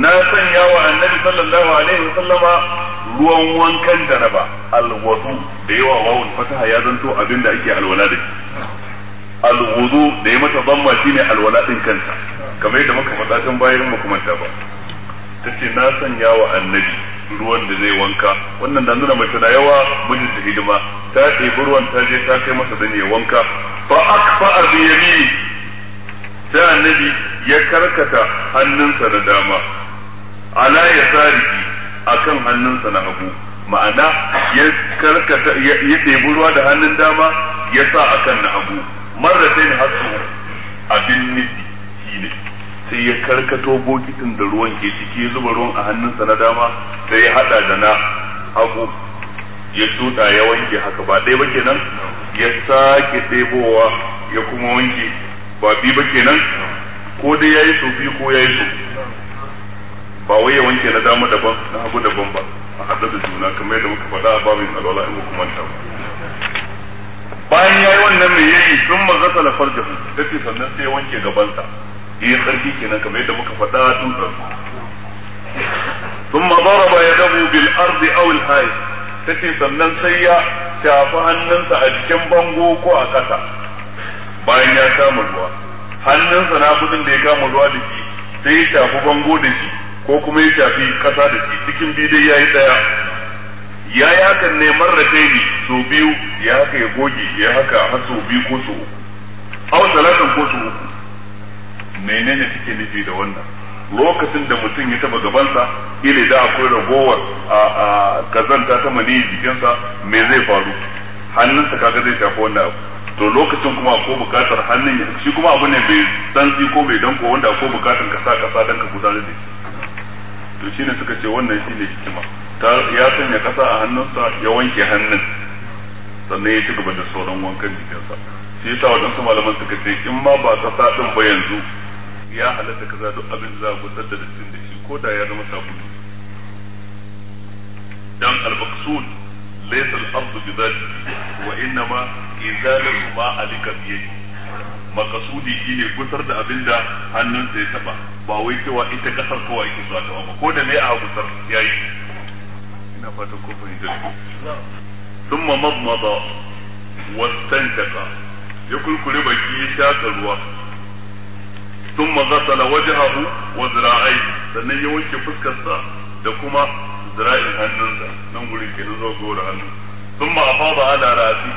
na sanya wa annabi sallallahu alaihi wasallama ruwan wankan janaba al-wudu da yawa wawun fataha ya zanto abinda ake alwala da shi alwudu da ya mata zamma shine alwala din kanta kamar yadda muka faɗa tun bayan kuma ta ba tace na sanya wa annabi ruwan da zai wanka wannan da nuna mace na yawa mijin ta hidima ta ɗebi ruwan ta je ta kai masa dan ya wanka fa akfa bi yamin ta annabi ya karkata hannunsa na dama ala ya a akan hannunsa na hagu ma'ana ya karkata ya ɗebi ruwa da hannun dama ya sa akan na hagu marratain hasu abin nufi shine sai ya karkato bokitin da ruwan ke ciki ya zuba ruwan a hannunsa na dama sai ya hada da na hagu ya tuta ya wanke haka ba ɗaya ba kenan ya sake ɗebowa ya kuma wanke ba bi ba kenan ko dai ya yi so bi ko ya yi so ba wai ya wanke na dama daban na hagu daban ba a haɗa da juna kamar yadda muka faɗa a babin alwala in kuma manta ba bayan yi wannan mai yayi sun mazata da farjahu tace sannan sai wanke gabansa yi eh, sarki kenan kamar yadda muka faɗa tun farko thumma daraba dabu bil ard awil al hayy sannan sai ya shafi hannunsa a jikin bango ko a kasa bayan ya kama ruwa hannunsa na gudun da ya kama ruwa da shi sai ya shafi bango da shi ko kuma ya shafi kasa da shi cikin bidai yayi daya ya yi hakan ne rafeni so sau biyu ya haka ya goge ya haka har sau biyu ko sau uku au talatin ko sau uku menene suke nufi da wannan lokacin da mutum ya taba gabansa ile da akwai ragowar a kazanta ta mani jikinsa me zai faru hannunsa kaga zai tafi wannan abu to lokacin kuma ko bukatar hannun shi kuma abu ne mai santsi ko bai danko wanda ko bukatar ka sa kasa dan ka gudanar da shi to shine suka ce wannan shine hikima ya sanya kasa a hannunsa ya wanke hannun sannan ya ci gaba da sauran wankan jikinsa shi yasa waɗansu malaman suka ce in ma ba kasa din ba yanzu ya halatta kaza duk abin da za a da dattin da shi ko da ya zama sabulu dan al-maqsud laysa al-ardu bi dhatihi wa innama izalatu ma alika bi makasudi shine gusar da abin da hannunsa ya taba ba wai cewa ita kasar kowa yake zuwa ta ba ko da ne a gusar yayi ina fatan ko fahimta thumma madmada wastantaqa ya kulkure baki ya shaka ruwa thumma ghasala wajhahu wa zira'ai sannan ya wanke fuskarsa da kuma zira'in hannunsa nan gurin ke zuwa gora hannu thumma afada ala ra'sihi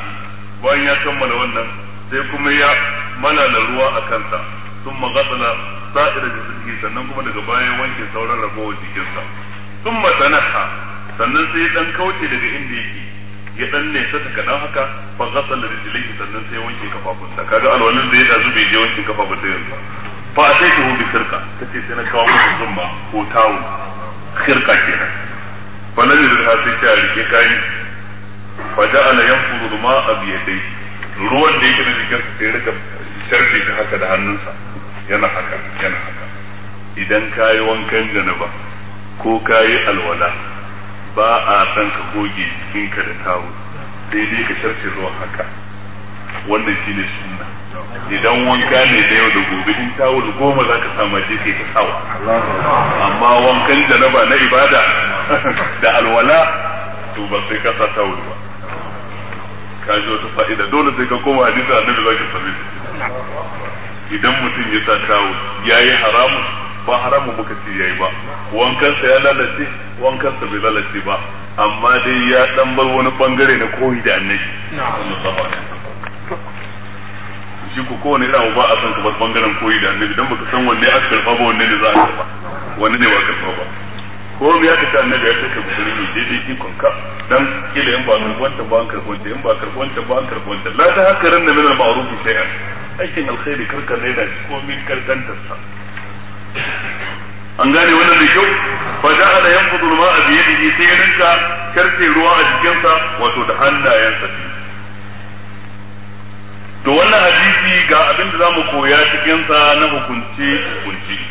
bayan ya kammala wannan sai kuma ya malala ruwa a kansa sun magasala sa'ir da suke sannan kuma daga baya wanke sauran ragowar jikinsa sun matanaha sannan sai ya dan kauce daga inda yake ya dan nesa ta kaɗan haka fa gasala da jilai sannan sai wanke kafafunsa kaga alwalin da ya dazu bai je wanke kafafunsa yanzu fa a sai ta hobi sirka ta ce sai na kawo masa zumba ko tawo sirka kenan fa da ha sai ta rike kayi fa ja'ala furu ma a abiyadai ruwan da yake na jikin sa sai rika sharfe ta haka da hannunsa yana haka yana haka idan ka yi wankan janaba ko ka yi alwala ba a san ka goge ka da tawo sai dai ka sharfe ruwan haka wannan shine sunna idan wanka ne da yau da gobe in tawul goma za ka sama je ka sawa amma wankan janaba na ibada da alwala to ba sai ka sa tawul ba ka ji wata fa'ida dole sai ka koma a annabi zaki sami su idan mutum ya sa kawo yi haramun ba haramun muka ce yi ba wankansa ya lalace wankansa bai lalace ba amma dai ya dan bar wani bangare na koyi da annabi sallallahu shi ko kowane irin ba a san ka bar bangaren koyi da annabi dan baka san wanne aka karba ba wanne ne za a karba wanne ne ba karba ba ko ya ka ta annabi ya ce ka gudu ne daidai ikon ka dan kila in ba karɓanta ba an karɓanta in ba karɓanta ba an karɓanta la ta haka ranna min al-ma'ruf shay'an aikin alkhairi kar raina shi ko min karkantarsa an gane wannan da kyau fa ala yanfudu al-ma'a bi yadihi sai ya karce ruwa a sa wato da hannayensa to wannan hadisi ga abin da zamu koya cikin sa na hukunci hukunci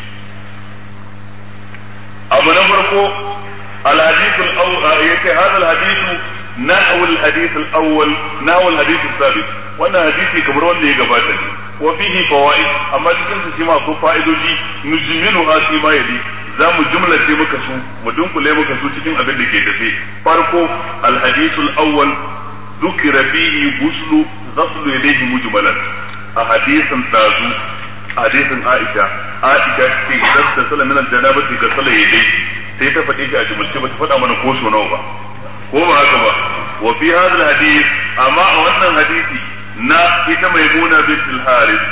abu na farko al-hadith al-awwal yace hadha al awwal al-thabit wannan hadisi kamar wanda ya gabata ne wa fihi fawaid amma cikin su shima ko fa'idoji nujmilu ha ma yadi za mu jumla ce muka su mu dunkule muka su cikin abin da ke tafe farko al-hadith al-awwal ذكر فيه غسل غسل يديه مجملا أحاديث تازو hadisin Aisha Aisha ce idan ta sala min al-janaba ce ga sala yayi sai ta fadi shi a jumulce ba ta faɗa mana ko so nawa ba ko ba haka ba wa fi hadal hadis amma a wannan hadisi na ita maimuna bint al-harith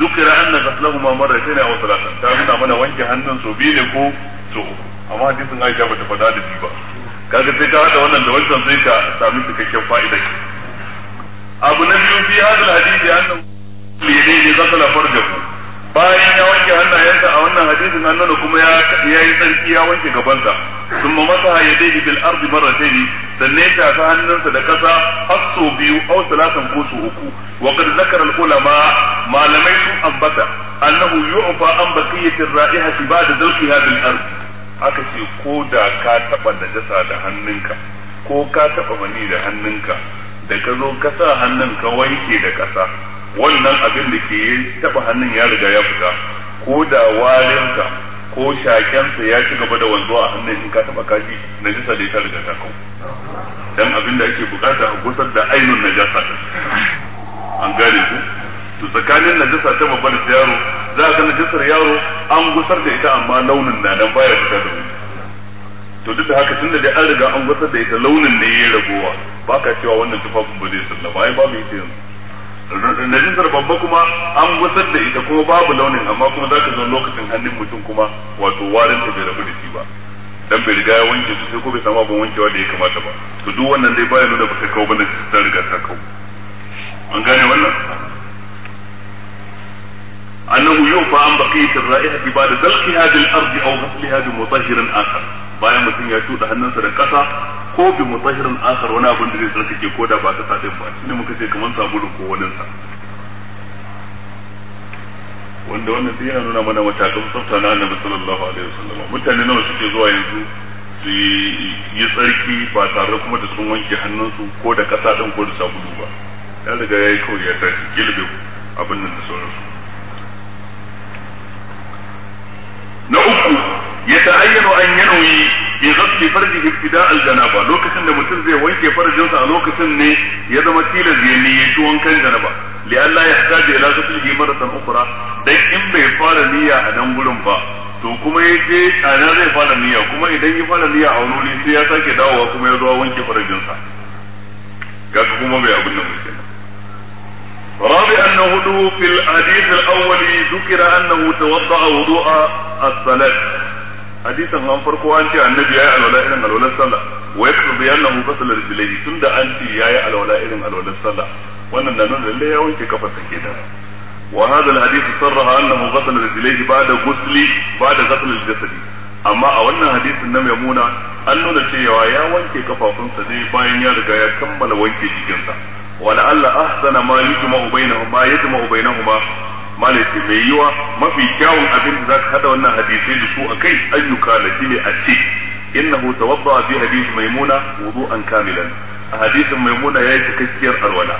zukira anna ghaslahuma marratayn aw thalatha ta nuna mana wanke hannun so biyu ne ko so amma hadisin Aisha ba ta faɗa da shi ba kaga sai ka hada wannan da wancan sai ka sami cikakken fa'idar abu na biyu fi hadal hadisi annahu yadayhi ghasala farjahu bayan ya wanke hannayensa a wannan hadisin an nuna kuma ya yi tsarki ya wanke gabansa sun ma masa ya daidai bil ardi marratayn sannan ta tafi hannunsa da kasa har biyu aw salatan ko su uku wa qad zakara al ulama malamai sun ambata annahu yu'fa an baqiyati ar-ra'ihati ba'da zawqiha bil ard aka ce ko da ka taba najasa da hannunka ko ka taba mani da hannunka da ka zo ka sa hannun ka wanke da kasa wannan abin da ke taba hannun ya riga ya fita ko da warinka ko shakensa ya ci gaba da wanzuwa a hannun in ka taba kashi najasa da ita riga ta kau dan abin da ake bukata a gusar da jasa najasa an gane ku to tsakanin najasa ta babba da yaro za a ga najasar yaro an gusar da ita amma launin na dan baya fita da wuri to duk da haka tun da dai an riga an gusar da ita launin ne ya ragowa ba ka cewa wannan tufafin ba zai sallama ai babu ita yanzu najisar babba kuma an gusar da ita kuma babu launin amma kuma za ka zo lokacin hannun mutum kuma wato warin ta bai rabu da shi ba dan bai riga ya wanke su sai ko bai samu abin wankewa da ya kamata ba to duk wannan dai baya nuna baka kawo bane ta riga ta kawo an gane wannan annahu yufa an baqiyat ar-ra'ihati ba'da hadhihi al-ardh aw ghasliha bi mutahhirin akhar bayan mutum ya tuda hannunsa da kasa ko bi mutahirin akhar wani abin da zai tsarkake ko koda ba ta sadin ba shine muka ce kamar sabulu ko wani sa wanda wannan sai yana nuna mana matakan tsafta na annabi sallallahu alaihi wasallam mutane nawa suke zuwa yanzu su yi tsarki ba tare kuma da sun wanke hannunsu ko da kasa din ko da sabulu ba ya daga yayi kawai ya tashi gilbe abin nan da sauransu na uku ya ta ayyana an yanayi bi ghasli farjihi ibtida' al ba, lokacin da mutum zai wanke farjinsa a lokacin ne ya zama tilas ya niyyaci wankan janaba li Allah ya hada ila ghaslihi marasa ukhra dan in bai fara niyya a nan gurin ba to kuma ya je a nan zai fara niyya kuma idan ya fara niyya a wani sai ya sake dawowa kuma ya zo wanke farjinsa kaga kuma bai abin nan mutum رابعا نهدو في الحديث الأول ذكر أنه توضأ وضوء الصلاة hadisin an farko an ce annabi yayi alwala irin alwalar sallah wa yaqdi annahu ghasala rijlayhi tunda an ce yayi alwala irin alwalar sallah wannan na nuna lalle ya wanke kafa sake da wa hadha alhadith sarraha annahu ghasala rijlayhi ba'da ghusli ba'da ghasl aljasad amma a wannan hadisin na muna, an nuna cewa ya wanke kafafunsa ne bayan ya riga ya kammala wanke jikinsa wala alla ahsana ma yujma'u bainahuma ma yajma'u bainahuma malaki mai yiwa mafi kyawun abin da zaka hada wannan hadisai da su akai ayyuka na shine a ce innahu tawadda fi hadith maimuna wudu'an kamilan a hadisin maimuna yayi cikakkiyar alwala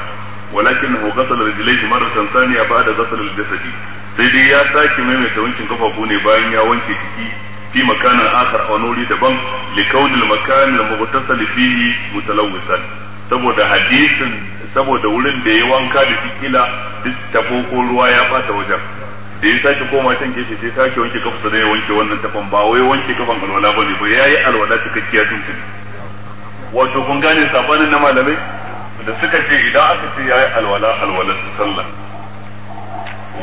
ولكنه غسل رجليه مرة ثانية بعد غسل الجسد sai dai ya sake maimaita wankin kafafu ne bayan ya wanke jiki fi makanin akhar a wani wuri daban li kaunil makan fihi mutalawwisan saboda hadisin saboda wurin da ya wanka da shi kila duk tafo ko ruwa ya bata wajen da ya sake koma can gefe sai sake wanke kafa sai ya wanke wannan tafan ba wai wanke kafan alwala bane ba yayi alwala cikakkiya tuntuni wato kun gane sabanin na malamai da suka ce idan aka ce yayi alwala alwala sallah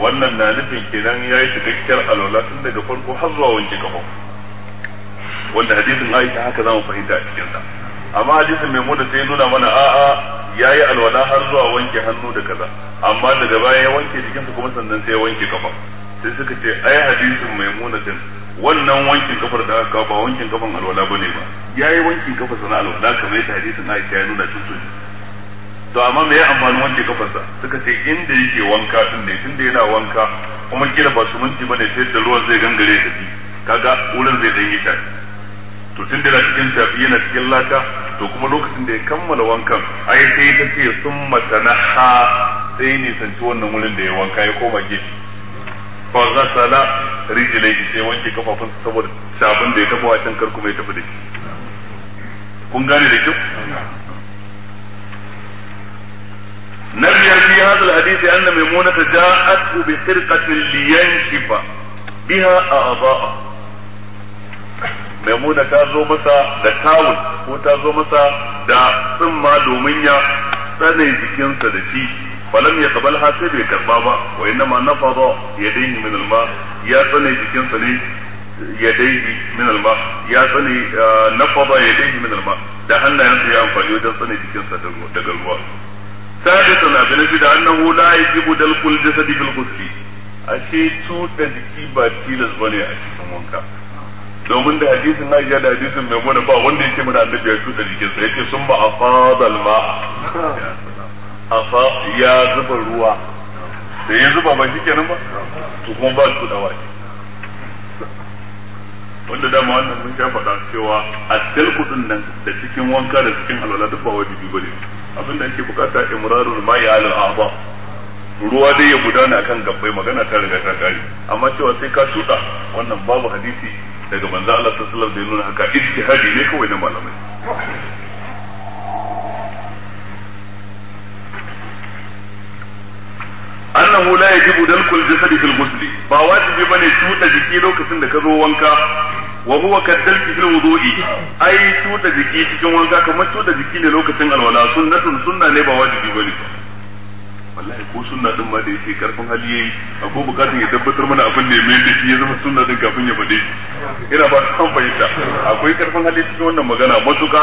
wannan na nufin kenan yayi cikakkiyar alwala tun daga farko har zuwa wanke kafa wanda hadisin Aisha haka zamu fahimta a cikin sa amma hadisin mai muna sai nuna mana a'a yi alwala har zuwa wanke hannu da kaza amma daga baya ya wanke jikinsa kuma sannan sai ya wanke kafa sai suka ce ai hadisin mai muna din wannan wankin kafar da aka kawo ba wankin kafan alwala bane ba ya yi wankin kafa sana alwala kamar yadda hadisin na ya nuna tun to amma me ya amfani wanke kafarsa suka ce inda yake wanka din ne tunda yana wanka kuma kila ba su minti bane sai da ruwan zai gangare da shi kaga wurin zai danyi tashi to tun da na cikin tafi yana cikin laka to kuma lokacin da ya kammala wankan ai sai ta ce sun na ha sai nisanci wannan wurin da ya wanka ya koma gefe fa ghasala rijlaihi sai wanke kafafun saboda sabon da ya tafi a can kar ya tafi da shi kun gane da kyau na biyar fi hadal hadisi anna maimunata ja'at bi khirqatin liyanshifa biha maimuna ta zo masa da tawul ko ta zo masa da tsumma domin ya tsane jikinsa da shi falam ya kabal ha sai bai karba ba wa inna ma nafada yadayhi min alma ya tsane jikinsa ne yadayhi min alma ya tsane ah, nafada yadayhi min alma da hannayensa ya amfani wajen tsane jikinsa daga ruwa سادسا بنفي أنه لا يجب دلق الجسد بالغسل ashe cuɗa jiki ba tilas bane a cikin wanka domin da hadisin Aisha da hadisin Maimuna ba wanda yake mana annabi ya tuta jikin sa yake sun ba afadal ma afa ya zuba ruwa da ya zuba ba nan ba to kuma ba su da wani wanda da ma wannan mun sha faɗa cewa a dalku din nan da cikin wanka da cikin alwala duk ba wajibi bane abin da ake bukata imrarul ma'i al a'dha ruwa dai ya gudana kan gabbai magana ta riga ta kare amma cewa sai ka tuta wannan babu hadisi daga manzo Allah sallallahu alaihi wasallam da yana haka ijtihadi ne kawai na malamai annahu la yajibu dalkul jasadi fil ghusl ba wajibi bane tuta jiki lokacin da ka zo wanka wa huwa kadalki fil wudu'i ai tuta jiki cikin wanka kamar tuta jiki ne lokacin alwala sunnatun sunna ne ba wajibi bane wallahi ko sunna din ma da yake karfin hali yayi ko bukatun ya tabbatar mana abin da ya mai da ya zama sunna din kafin ya bade ina ba san fahimta akwai karfin hali cikin wannan magana matuka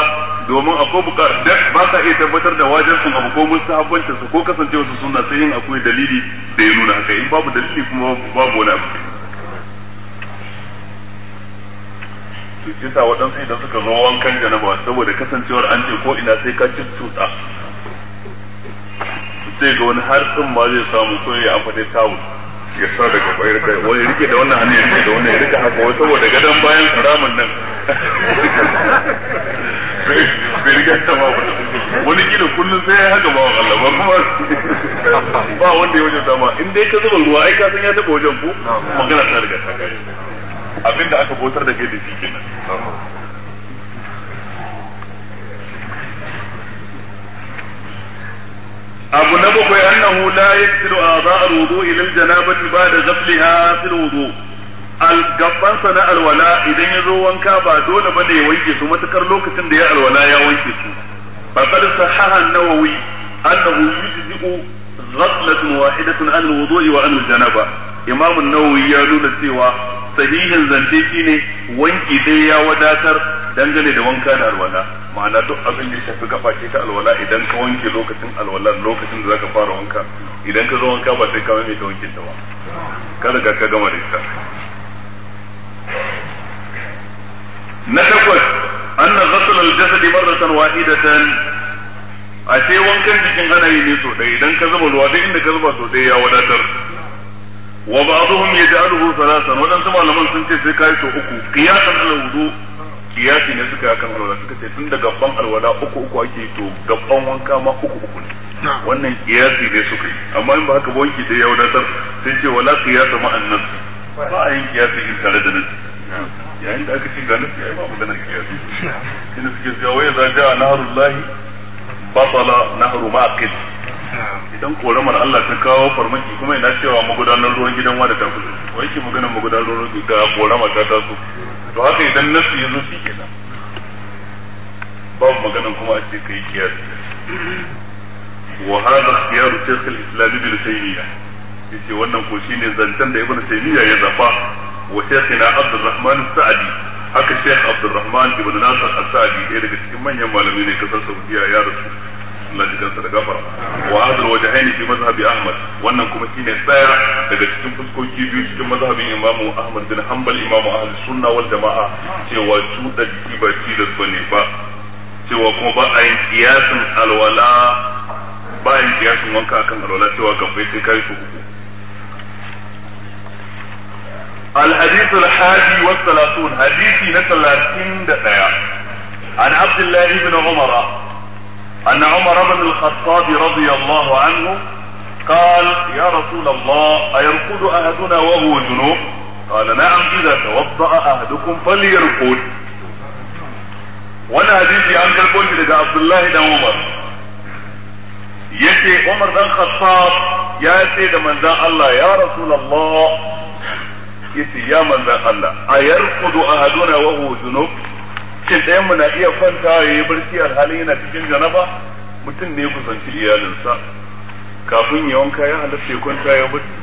domin akwai bukatun da ba ka iya tabbatar da wajen sun abu ko mun sabanta su ko kasancewa su sunna sai yin akwai dalili da ya nuna haka in babu dalili kuma babu wani abu to ce ta waɗansu idan suka zo wankan janaba saboda kasancewar an ce ko ina sai ka cin tsutsa sai ga wani har tsin ma zai samu ko ya amfani tawul ya sa daga bayar da wani rike da wannan hannun ya da wannan rike haka wai saboda gadon bayan karamin nan bai rike ta ma ba wani gina kullum sai ya haka ba wa Allah ba kuma ba wanda ya wajen dama in dai ka zuba ruwa ai ka san ya taba wajen ku magana ta daga ta abinda aka bautar da kai da shi kenan abu na bakwai annahu la yaktiru a'dha al-wudu ila ba da ba'da ghasliha fil wudu al sana alwala idan ya zo wanka ba dole ba da ya wanke su matakar lokacin da ya alwala ya wanke su kada sahaha an-nawawi annahu yujzi'u ghaslatun wahidatun an al-wudu'i wa an al-janaba nawawi ya nuna cewa sahihin zance shine wanki dai ya wadatar dangane da wanka da alwala ma'ana duk abin da ya shafi kafa ce ta alwala idan ka wanke lokacin alwala lokacin da zaka fara wanka idan ka zo wanka ba sai ka mai ta wanke ta ba ka riga ka gama da ita na takwas da san al-jasad marratan wahidatan ce wankan jikin ana yi ne sau ɗaya idan ka zuba ruwa duk inda ka zuba sau ɗaya ya wadatar wa ba'dhum yaj'aluhu thalathan wadansu malaman sun ce sai kai sau uku qiyasan al-wudu kiyasi ne suka kan alwala suka ce tun da gaban alwala uku uku ake to gaban wanka ma uku uku ne wannan kiyasi ne suka yi amma in ba haka ba wanki da ya wadatar sai ce wala kiyasa ma annas ba a yin kiyasi in tare da nan yayin da aka ce ga nasi ai ba ganin kiyasi shi ne suke cewa wai za ja nahrullahi batala nahru ma'aqil idan koramar Allah ta kawo farmaki kuma ina cewa magudanar ruwan gidan wa da ta kusa wani ke maganar magudanar ruwan da korama ta taso to haka idan nasu yi zo shi kenan babu maganar kuma a ce yi kiyasi wa hada khiyaru shaykh al-islam ibn taymiyyah yace wannan ko shine zancen da ibn taymiyyah ya zafa wa shaykhina abdurrahman haka shek abdurrahman ibn nasar as-sa'di ɗaya daga cikin manyan malamai ne kasar saudiya ya rasu Allah ji kansa da gafara wa hadal wajhain fi mazhabi Ahmad wannan kuma shine tsaya daga cikin fuskoki biyu cikin mazhabin Imam Ahmad bin Hanbal Imam Ahlus Sunna wal Jama'a cewa cuɗa jiki ba da bane ba cewa kuma ba a yin kiyasin alwala ba a yin kiyasin wanka akan alwala cewa gabbai sai kai su uku الحديث الحادي والثلاثون حديثي نسلاتين دقيقة عن عبد الله بن عمر ان عمر بن الخطاب رضي الله عنه قال يا رسول الله ايرقد احدنا وهو جنوب قال نعم اذا توضا احدكم فليرقد وانا حديثي عن كلمه لدى عبد الله بن عمر yace عمر بن الخطاب يا ce من ذا Allah يا رسول الله ya manzon Allah a yarkudu ahaduna wa hu junub ce ɗayan mu na iya kwanta ya yi barci alhali yana cikin janaba mutum ne ya kusanci iyalinsa kafin ya wanka ya halatta ya kwanta ya barci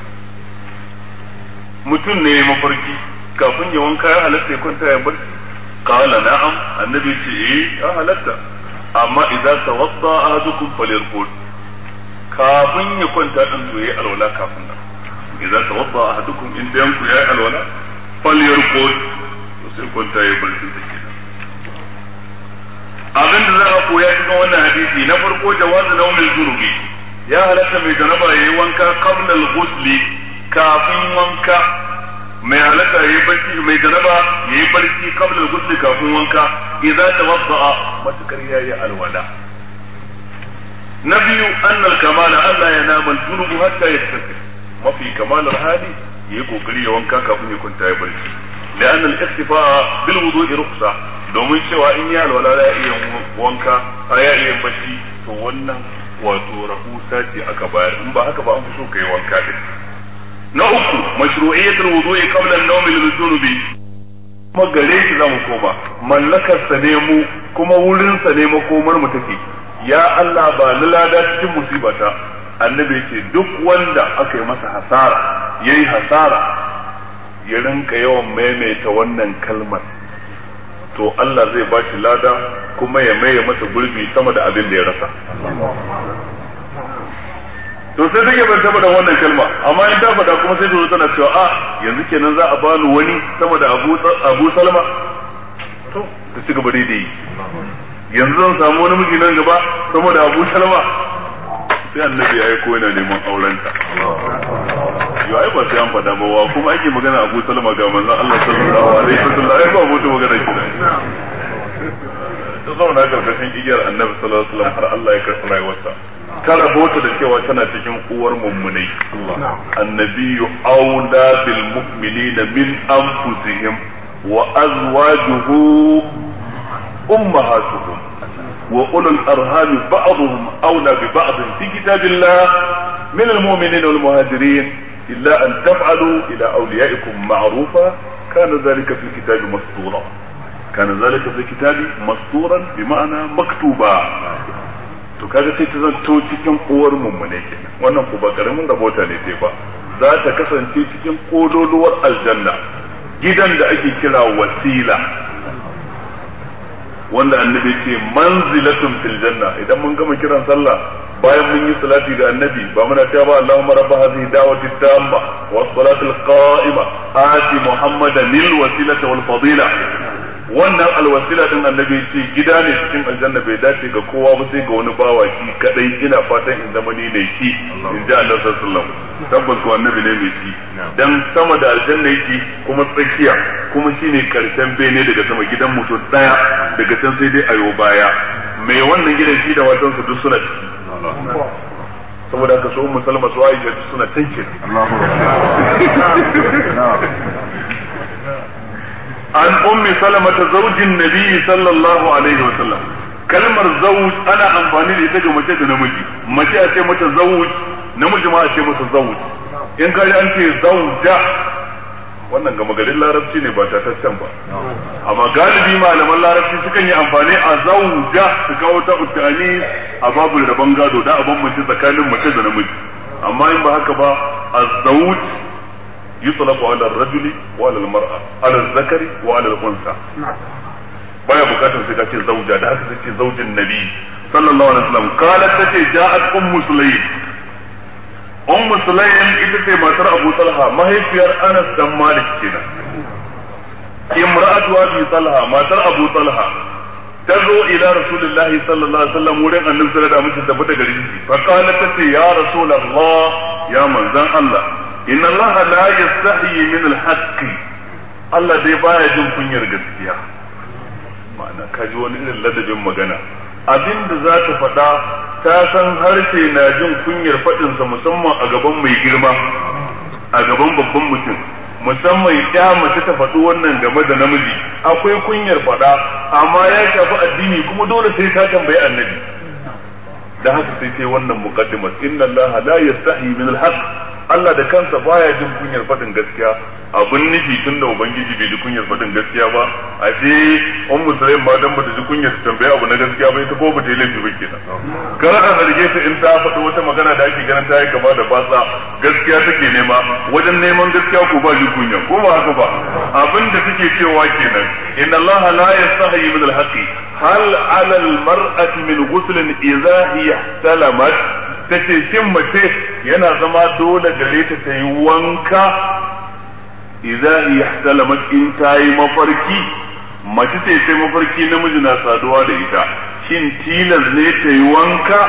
mutum ne ya mafarki kafin ya wanka ya halatta ya kwanta ya barci kala na'am annabi ce eh ya halatta amma idan tawadda ahadukum falyarqud kafin ya kwanta din to yayi alwala kafin nan idan tawadda ahadukum in dayan ku yayi alwala falyarqud to sai kwanta ya barci abin da za a koya cikin wannan hadisi na farko jawazu naumin zunubi ya halatta mai janaba yayi wanka kafin wanka mai halatta barci mai janaba yayi barci kafin wanka idza tawadda'a alwala na biyu annal kamala Allah ya nama junubu hatta ya tafi mafi kamalar hali yi kokari ya wanka kafin ya kwanta ya barci da al-istifa'a bil wudu'i rukhsah domin cewa in ya alwala ya iya wanka a ya iya bashi to wannan wato rahusa ce aka bayar in ba haka ba an fi so ka yi wanka din na uku mashru'iyyatul wudu'i qabla an nawmi lil junubi kuma gare shi mu koma mallakar sa ne mu kuma wurin sa ne makomar mu take ya Allah ba lada cikin musibata annabi ce duk wanda aka yi masa hasara yayi hasara ya rinka yawan maimaita wannan kalmar to Allah zai ba shi lada kuma ya maye masa gurbi sama da abin da ya rasa to sai take ban taba da wannan kalma amma in ta faɗa kuma sai zo tana cewa a ah, yanzu kenan za a bani wani sama da Abu Abu Salma to ta ci gaba daidai yanzu zan samu wani miji nan gaba sama da Abu Salma sai annabi ya yi ko yana neman aurenta yo ai ba sai an faɗa ba wa kuma ake magana Abu Salma ga manzon Allah sallallahu alaihi wasallam ai ba mutu magana shi ta zauna karkashin igiyar Annabi sallallahu alaihi wasallam har Allah ya karɓi rayuwarsa ta rabota da cewa tana cikin uwar mummunai annabiyyu aula bil mu'minina min anfusihim wa azwajuhu ummahatuhum وأولو الأرهام بعضهم أولى ببعض في كتاب الله من المؤمنين والمهاجرين إلا أن تفعلوا إلى أوليائكم معروفا كان ذلك في الكتاب مسطورا كان ذلك في الكتاب مسطورا بمعنى مكتوبا to kaga sai ta zanto cikin uwar mummune ke wannan ku ba karamin rabota ne sai ba za ta kasance cikin kodoluwar aljanna gidan da ake kira wasila wanda annabi ce manzilatun fil janna idan mun gama kiran sallah bayan mun yi salati ga annabi ba muna ta ba Allahumma rabb hadhihi da'wati tamma was salati al qa'ima ati muhammadan lil wasilati wal fadila wannan alwasila din annabi ce gida ne cikin aljanna bai dace ga kowa ba sai ga wani bawaki kadai ina fatan in zama ni ne shi in ji Allah sallallahu alaihi tabbas ko annabi ne mai shi dan sama da aljanna yake kuma tsakiya kuma shine karshen bene daga sama gidan mutum daya daga can sai dai ayo baya mai wannan gidan shi da watan su duk suna ciki saboda ka so mu salma su aisha suna tanke an ummi salama ta zaujin nabi sallallahu alaihi wa sallam kalmar zauj ana amfani da ita ga mace da namiji mace a ce mata zauj namiji ma a ce mata zauj in kaji an ce zauja wannan gama garin larabci ne ba tataccen ba amma galibi malaman larabci sukan yi amfani a zauja su kawo ta utani a babul da gado da abin mace tsakanin mace da namiji amma in ba haka ba a yi yutlaqu ala ar-rajuli wa ala mara ala zakari wa ala al-unsa baya bukatar sai ka ce zauja da haka sai ce zaujin nabi sallallahu alaihi wasallam ta tace ja'at ummu sulaym ummu sulaim ita ce matar abu talha mahaifiyar anas dan malik kenan imra'atu abi talha matar abu talha ta zo ila rasulullahi sallallahu alaihi wasallam wurin annabi sallallahu alaihi wasallam da gari fa qala ta ce ya rasulullah ya manzan allah inna allah la yastahi min al allah dai baya jin kunyar gaskiya ma'ana kaji wani irin ladabin magana abin da za ta faɗa ta san harshe na jin kunyar faɗinsa musamman a gaban mai girma a gaban babban mutum musamman ya mace ta faɗi wannan game da namiji akwai kunyar faɗa amma ya shafi addini kuma dole sai ta tambayi annabi da haka sai sai wannan muqaddimat inna allaha la yastahi min al Allah da kansa baya jin kunyar faɗin gaskiya abun nufi tun da ubangiji bai ji kunyar faɗin gaskiya ba a ce on musulmi ma dan bata ji kunyar tambaya abu na gaskiya ba ita ko bata yi laifi ba kenan kana a zarge ta in ta faɗi wata magana da ake ganin ta yi kama da batsa gaskiya take nema wajen neman gaskiya ko ba ji kunya ko ba haka ba abin da take cewa kenan inna Allah la yastahi min al-haqi hal ala al-mar'ati min ghusl idha hiya salamat ta ce shin mace yana zama dole gare ta ta yi wanka idan ya salama in ta yi mafarki mace ta yi mafarki namiji na saduwa da ita shin tilas ne ta yi wanka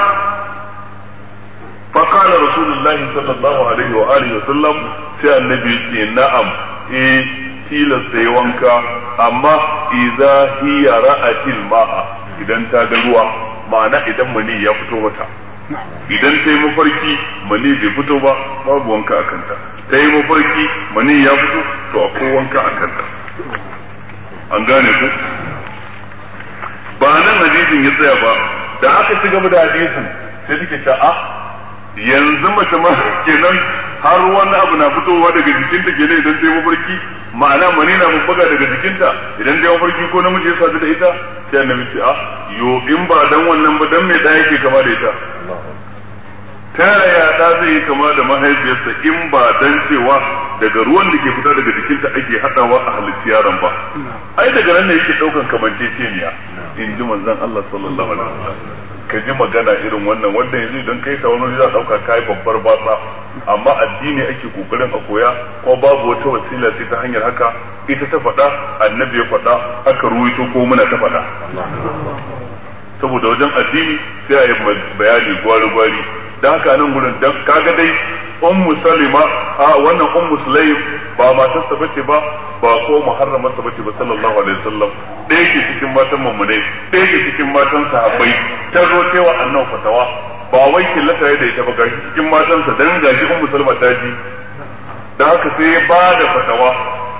fakala rasulullahi sallallahu alaihi wa alihi wa sallam sai annabi ce na'am eh tilas ta yi wanka amma idan hiya ra'atil ma'a idan ta ga ruwa ma'ana idan mani ya fito mata idan ta yi mafarki mani bai fito ba babu wanka a kanta ta yi mafarki mani ya fito to a wanka a kanta an gane ku ba nan hadisin ya tsaya ba da aka ci gaba da hadisin sai suke ta a ah, yanzu mace ma ke nan. har wani abu na fitowa daga jikinta ke idan ta mafarki ma'ana mani na mafaga daga jikinta idan ta mafarki ko namiji ya sadu da ita sai annabi ce a ah, yo in ba dan wannan ba dan me da yake kama da ita ta yaya da zai yi kama da mahaifiyarsa in ba dan cewa daga ruwan da ke fita daga jikinta ake haɗawa a halittu yaron ba ai daga nan ne yake daukan kamanceceniya in ji manzon Allah sallallahu alaihi wasallam ka ji magana irin wannan wanda yanzu idan kai ta wani za dauka kai babbar batsa amma addini ake kokarin a koya ko babu wata wasila sai ta hanyar haka ita ta faɗa annabi ya faɗa aka ruwaito ko muna ta faɗa saboda wajen addini sai a yi bayani gwari-gwari don haka nan gurin kaga dai ummu salima a wannan ummu sulaim ba matar ta bace ba ba ko muharramar sa bace ba sallallahu alaihi wasallam ɗaya ke cikin matan mummunai ɗaya ke cikin matan sahabbai ta zo wa annabi fatawa ba wai killata ya da ita ba gashi cikin matan sa dan gashi ummu salma ta ji da haka sai ya ba da fatawa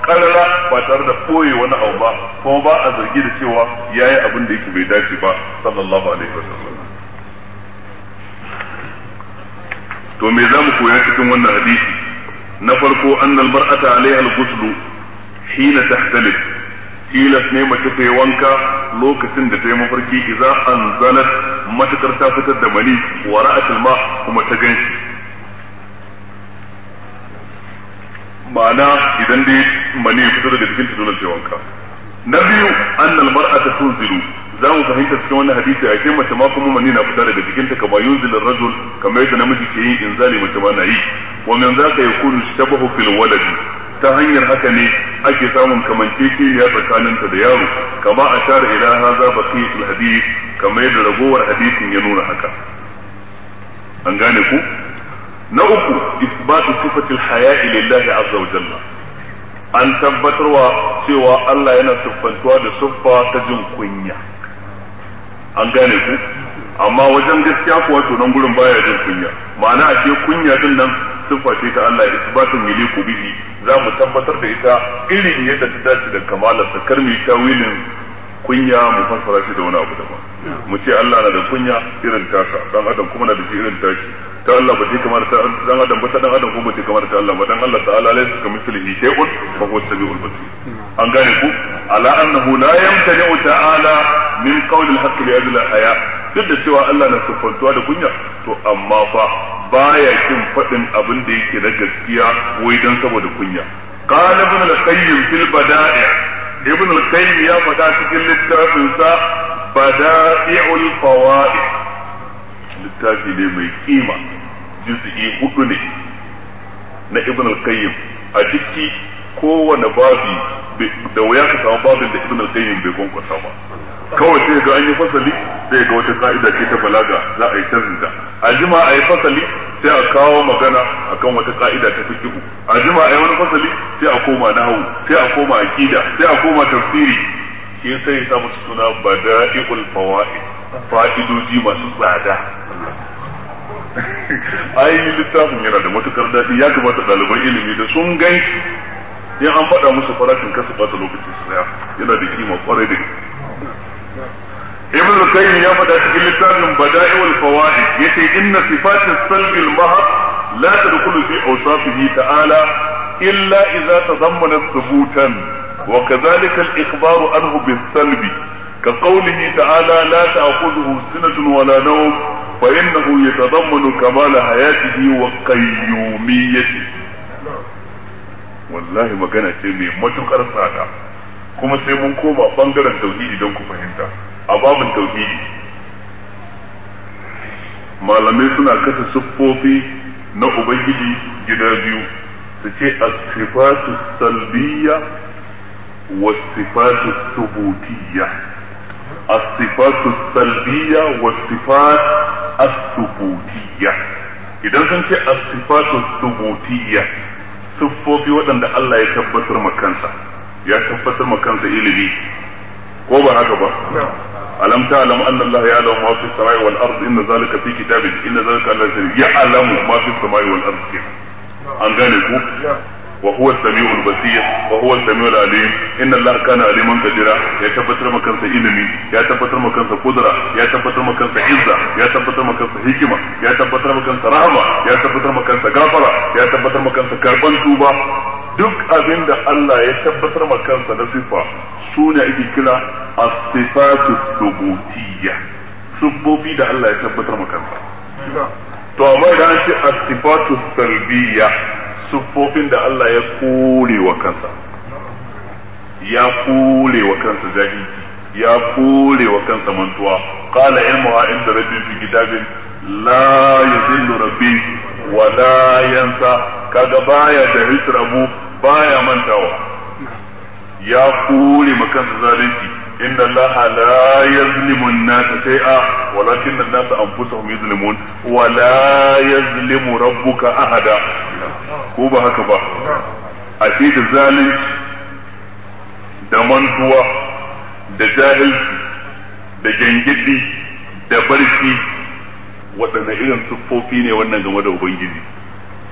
karara ba tare da koyi wani abu ba kuma ba a zargi da cewa yayi abin da yake bai dace ba sallallahu alaihi wasallam to me za mu koya cikin wannan hadisi na farko annal mar'ata alaiha al-ghuslu hina tahtalif tilas ne mace ta yi wanka lokacin da ta yi mafarki an anzalat matakar ta fitar da mani wa ra'atul ma kuma ta ganshi ma'ana idan dai mani ya fito daga cikin ta ta yi wanka na biyu annal mar'ata tunzilu za mu fahimta cikin wannan hadisi a ce mace ma kuma mani na fita daga jikinta kama yunzil rajul kamar yadda namiji ke yin inzali mace ma na yi wa min yi kunu shabahu fil waladi ta hanyar haka ne ake samun kamance tsakanin tsakaninta da yaro kama a share ila kai baqiyatul hadith kamar yadda ragowar hadisin ya nuna haka an gane ku na uku isbatu sifatil haya'i lillahi azza wa jalla an tabbatarwa cewa Allah yana siffantuwa da siffa ta jin kunya an gane ku amma wajen gaskiya kuwa wato nan gurin baya jin kunya ma'ana a ce kunya din nan sifa ce ta Allah isbatun mili bihi za mu tabbatar da ita irin yadda ta dace da kamalar sakar mai tawilin kunya mu fassara shi da wani abu daban mu ce Allah na da kunya irin tasa dan adam kuma na da shi irin tashi ta Allah ba ta kamar ta dan adam ba ta dan adam kuma ba ta kamar ta Allah ba dan Allah ta'ala laysa mithlihi shay'un fa huwa as basir an gane ku ala annahu la yamtani'u ta'ala min qawli al-haqq bi hadhihi al-aya duk da cewa Allah na sufantuwa da kunya to amma fa baya kin fadin abin da yake na gaskiya wai dan saboda kunya qala ibn al-qayyim fil bada'i' ibn al-qayyim ya faɗa cikin littafin sa bada'i'ul fawaid littafi ne mai kima juz'i hudu ne na ibn al-qayyim a ciki kowane babi da wuya ka samu babin da ibn al-qayyim bai kwankwasa ba kawai sai ga an yi fasali sai ga wata ka'ida ce ta balaga za a yi canjin a jima a yi fasali sai a kawo magana akan wata ka'ida ta fiqhu a jima yi wani fasali sai a koma nahwu sai a koma aqida sai a koma tafsiri shi sai ya samu suna bada'iul fawaid fa'idoji masu tsada ai littafin yana da matukar daɗi ya kamata ɗaliban ilimi da sun gan in an faɗa musu farashin kasu ɓata lokaci su yana da kima kwarai da gaske ibn al-qayyim ya faɗa cikin littafin bada'iul fawaid yace inna sifatis salbil mahab la tadkhulu fi awsafihi ta'ala illa idza tadammana thubutan wa kadhalika al-ikhbaru anhu bis-salb ka qawlihi ta'ala la ta'khudhuhu sinatun wa la nawm fa innahu yatadammanu kamala hayatihi wa qayyumiyyatihi wallahi magana ce mai matukar sata, kuma sai mun koma ɓangaren tauhidi idan ku fahimta a babin tauhidi malamai suna kasa siffofi na ubangiji gida biyu su ce a sifatu salbiya wa sifatu subutiya a sifatu salbiya wa sifatu as idan sun ce a sifatu subutiya siffofi waɗanda Allah ya tabbatar makansa ya tabbatar makansa ilimi ko ba haka ba alam ta'lam anna Allah ya'lamu ma fi samai wal ardi inna zalika fi kitabin inna zalika ala ya'lamu ma fi samai wal ardi an gane ku وهو السميع البصير وهو السميع العليم ان الله كان عليما قديرا يا تبتر ما كانت ilimi ya tabbatar ma kudura ya tabbatar ma kansa izza ya tabbatar ma hikima ya tabbatar ma rahama ya tabbatar ma gafara ya tabbatar ma kansa duk abinda da Allah ya tabbatar ma kansa na sifa su ne kira as-sifatu thubutiyya da Allah ya tabbatar ma kansa to amma idan an ce as siffofin da Allah ya kure wa kansa ya kure wa kansa jahilci ya kure wa kansa mantuwa qala ilmuha inda rabbi fi kitabin la yuzillu rabbi wa la yansa kaga baya da hisrabu baya mantawa ya kure ma kansa zalunci inna allaha la yazlimu an-nasa shay'a walakin an-nasa anfusuhum yuzlimun wa la yazlimu rabbuka ahada ko ba haka ba a ce da zalunci da mantuwa da jahilci da gangidi da barci waɗanne irin siffofi ne wannan game da ubangiji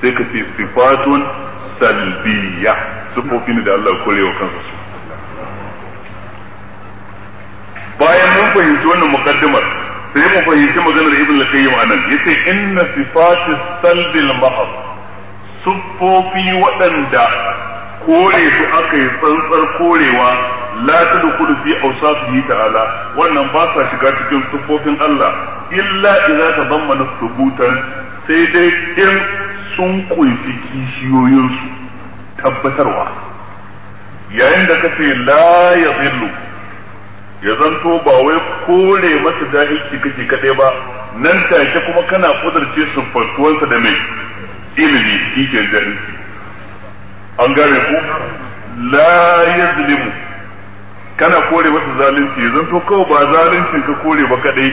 sai ka ce sifatun salbiya siffofi ne da Allah korewa kansa bayan mun fahimci wannan mukaddimar sai mu fahimci maganar ibn al-qayyim anan yace inna sifati salbil mahab suffofi waɗanda kore su aka yi tsantsar korewa la tadkhulu fi yi ta'ala wannan ba sa shiga cikin sufofin Allah illa idza tadammana thubutan sai dai in sun kunshi kishiyoyinsu tabbatarwa yayin da kace la yadhillu ya zanto ba wai kore masa jahilci kake kadai ba nan take kuma kana kudurce siffantuwansa da mai ilimi shi ke jahilci an gane ku la yazlimu kana kore masa zalunci ya zanto kawai ba zaluncin ka kore ba kadai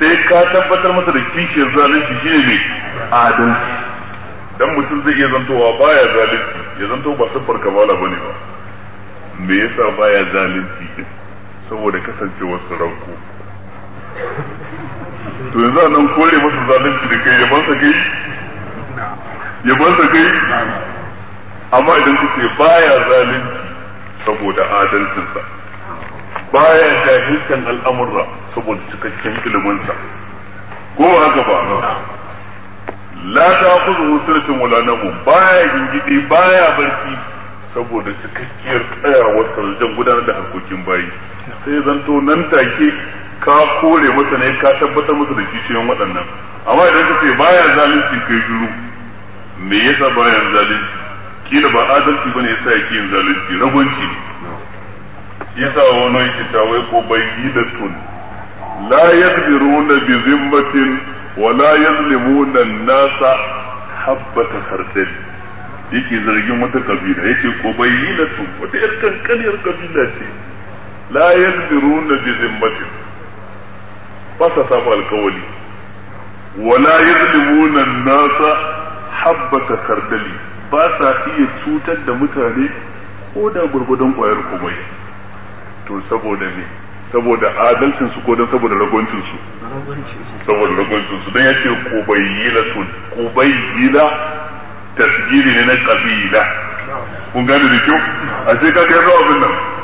sai ka tabbatar masa da kishiyar zalunci shi ne mai adalci dan mutum zai iya zantowa baya zalunci ya zanto ba siffar kamala bane ba me yasa baya zalunci saboda kasancewar su to yanzu a nan kore masa zalunci da kai yaban sa kai yaban sa kai amma idan ce baya zalunci saboda adalcinsa baya jahilkan al'amurra saboda cikakken ilminsa ko haka ba la ta kuzu sirrin wala namu baya gingidi baya barci saboda cikakkiyar tsayawar sarjan gudanar da harkokin bayi sai zanto nan take ka kore masa ne ka tabbatar masa da kishiyan waɗannan amma idan ka ce baya zalunci kai shiru me yasa baya zalunci kila ba adalci bane yasa yake yin zalunci ragunci yasa wani yake tawai ko tun la yaqdiruna bi zimmatin wa la yazlimuna nasa habbata sardin yake zargin wata kabila yake ko bai yi da tun wata yar kankaniyar kabila ce la yalbiruna bi zimmatin ba sa samu alkawali wala yadlimuna nasa habbata kardali ba sa iya cutar da mutane ko da gurgudan ƙwayar komai to saboda ne saboda adalcin su ko don saboda ragoncin su saboda ragoncin su don yake kubayyila sun kubayyila tasgiri ne na kabila kun gane da kyau a ce ka kai abin nan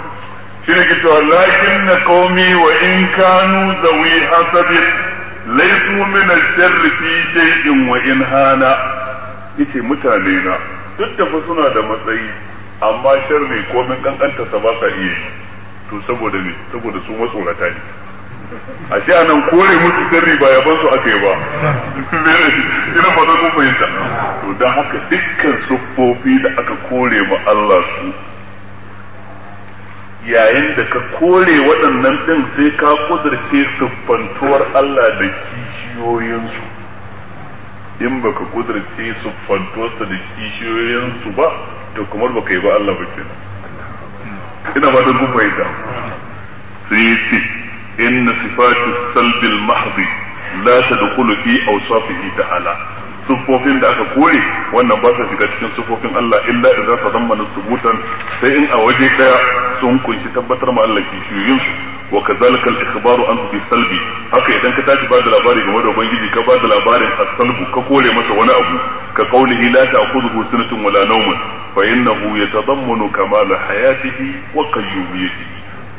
shi ne cewa lakin na komi wa in kanu zawi hasabin laisu min ash-sharri fi shay'in wa in hana yace mutane na duk da suna da matsayi amma sharri ko min kankanta sa ba sa iya to saboda ne saboda su matsorata ne shi anan kore musu sharri ba yaban su aka yi ba ina fata kun fahimta to dan haka dukkan siffofi da aka kore ma Allah su yayin da ka kore waɗannan ɗin sai ka kudurce siffantuwar Allah da kishiyoyinsu in ba ka kudurce siffantuwarsa da kishiyoyinsu ba to kamar ka yi ba Allah ba kenan ina ba da gufa ita sai yi ce inna sifatu salbil mahdi la tadkhulu fi awsafihi ta'ala sufofin da aka kore wannan ba su shiga cikin sufofin Allah illa idan ta zama na subutan sai in a waje daya sun kunshi tabbatar ma Allah kishiyoyin su wa kazalika al-ikhbaru an bi salbi haka idan ka tashi ba da labari game da ubangiji ka ba da labarin as-salbu ka kore masa wani abu ka qawlihi la ta'khudhuhu sunatun wala nawmun fa innahu yatadammanu kamal hayatihi wa qayyumiyyatihi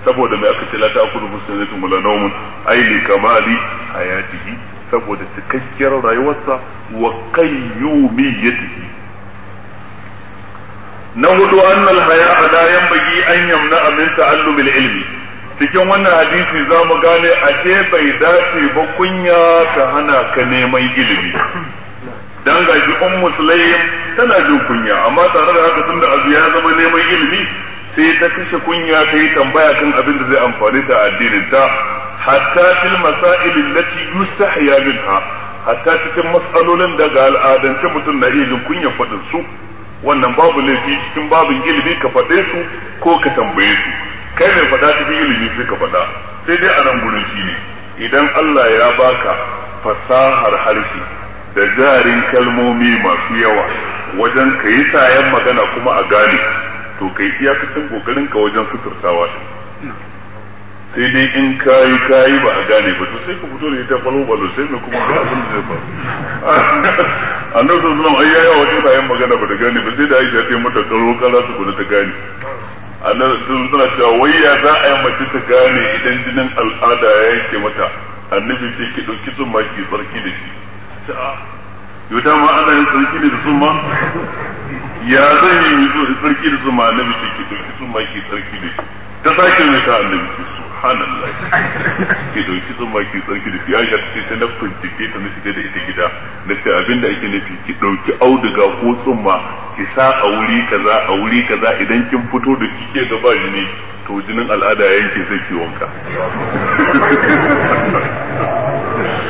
saboda mai aka ce la ta'khudhuhu sunatun wala nawmun ay kamali hayatihi saboda cikakkiyar rayuwarsa wa qayyumiyyatihi na hudu a haya'a la yanbaghi an yamna min ta'allum ilmi cikin wannan hadisi za mu gane a ce bai dace ba kunya ka hana ka neman ilimi dan gaji ummu tana jin kunya amma tare da haka tunda abu ya zama neman ilimi sai ta kashe kunya ta yi tambaya kan abin da zai amfani ta addinin ta hatta fil masail allati yustahya minha hatta cikin masalolin da ga al'adance mutum na iya jin kunya faɗinsu? su wannan babu laifi cikin babin ilimi ka faɗe su ko ka tambaye su kai mai faɗa cikin ilimi sai ka faɗa sai dai a nan ne idan Allah ya baka fasahar harshe da jarin kalmomi masu yawa wajen ka yi sayan magana kuma a gane to kai iya kusan kokarin ka wajen suturtawa sai dai in kayi kayi ba a gane ba to sai ka fito da ita balo balo sai mai kuma ga abin da ba faru annabi sallallahu alaihi wasallam ai yawa bayan magana ba ta gane ba sai da Aisha ta yi mata karo kala su gudu ta gane annabi sallallahu alaihi cewa wai ya za a yi mace ta gane idan jinin al'ada ya yanke mata annabi sai ki dauki ma ki tsarki da shi yau dama ana yin tsarki ne da ma ya zan yi wudu in sarki da tsumma na ce ke dauki ma ke sarki da shi ta sake mai ta annabi ce subhanallah ke dauki ma ke sarki da shi ya ga ce ta nafsin cike ta nufi da ita gida na ce abinda ake nufi ki dauki auduga ko ma ki sa a wuri kaza a wuri kaza idan kin fito da kike gaba ne to jinin al'ada yanke sai ki wanka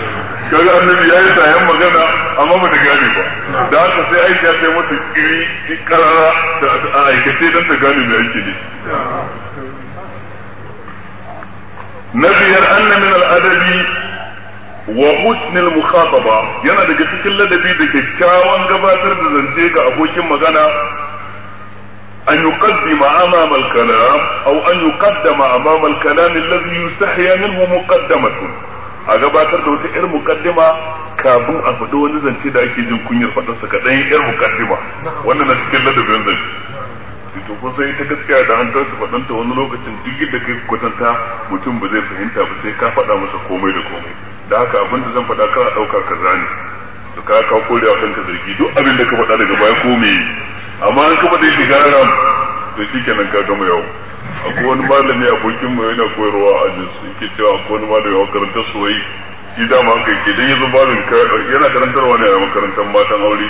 kaga annabi yi sayan magana amma bata gane ba da haka sai aisha sai mata kiri karara da a aikace dan ta gane me aiki ne na biyar anna min wa husn mukhataba yana daga cikin ladabi da kyakkyawan gabatar da zance ga abokin magana أن يقدم أمام الكلام أو أن يقدم أمام الكلام الذي يستحيا منه مقدمة a gabatar da wata yar mukaddima kafin a faɗi wani zance da ake jin kunyar faɗarsa kaɗai yar mukaddima wannan na cikin ladabin zance to ko sai ta gaskiya da an tarsa faɗanta wani lokacin duk da kai kwatanta mutum ba zai fahimta ba sai ka faɗa masa komai da komai da haka abin da zan faɗa kana ɗauka ka ne to ka ka kore wa kanka zargi duk abin da ka faɗa daga baya ko amma an ka dai shiga garam to shikenan ka gama yau. akwai wani malami abokin mu yana koyarwa a jinsu yake cewa akwai wani malami a makarantar soyayya shi dama kai ke dan yanzu babin yana karantarwa ne a makarantar matan aure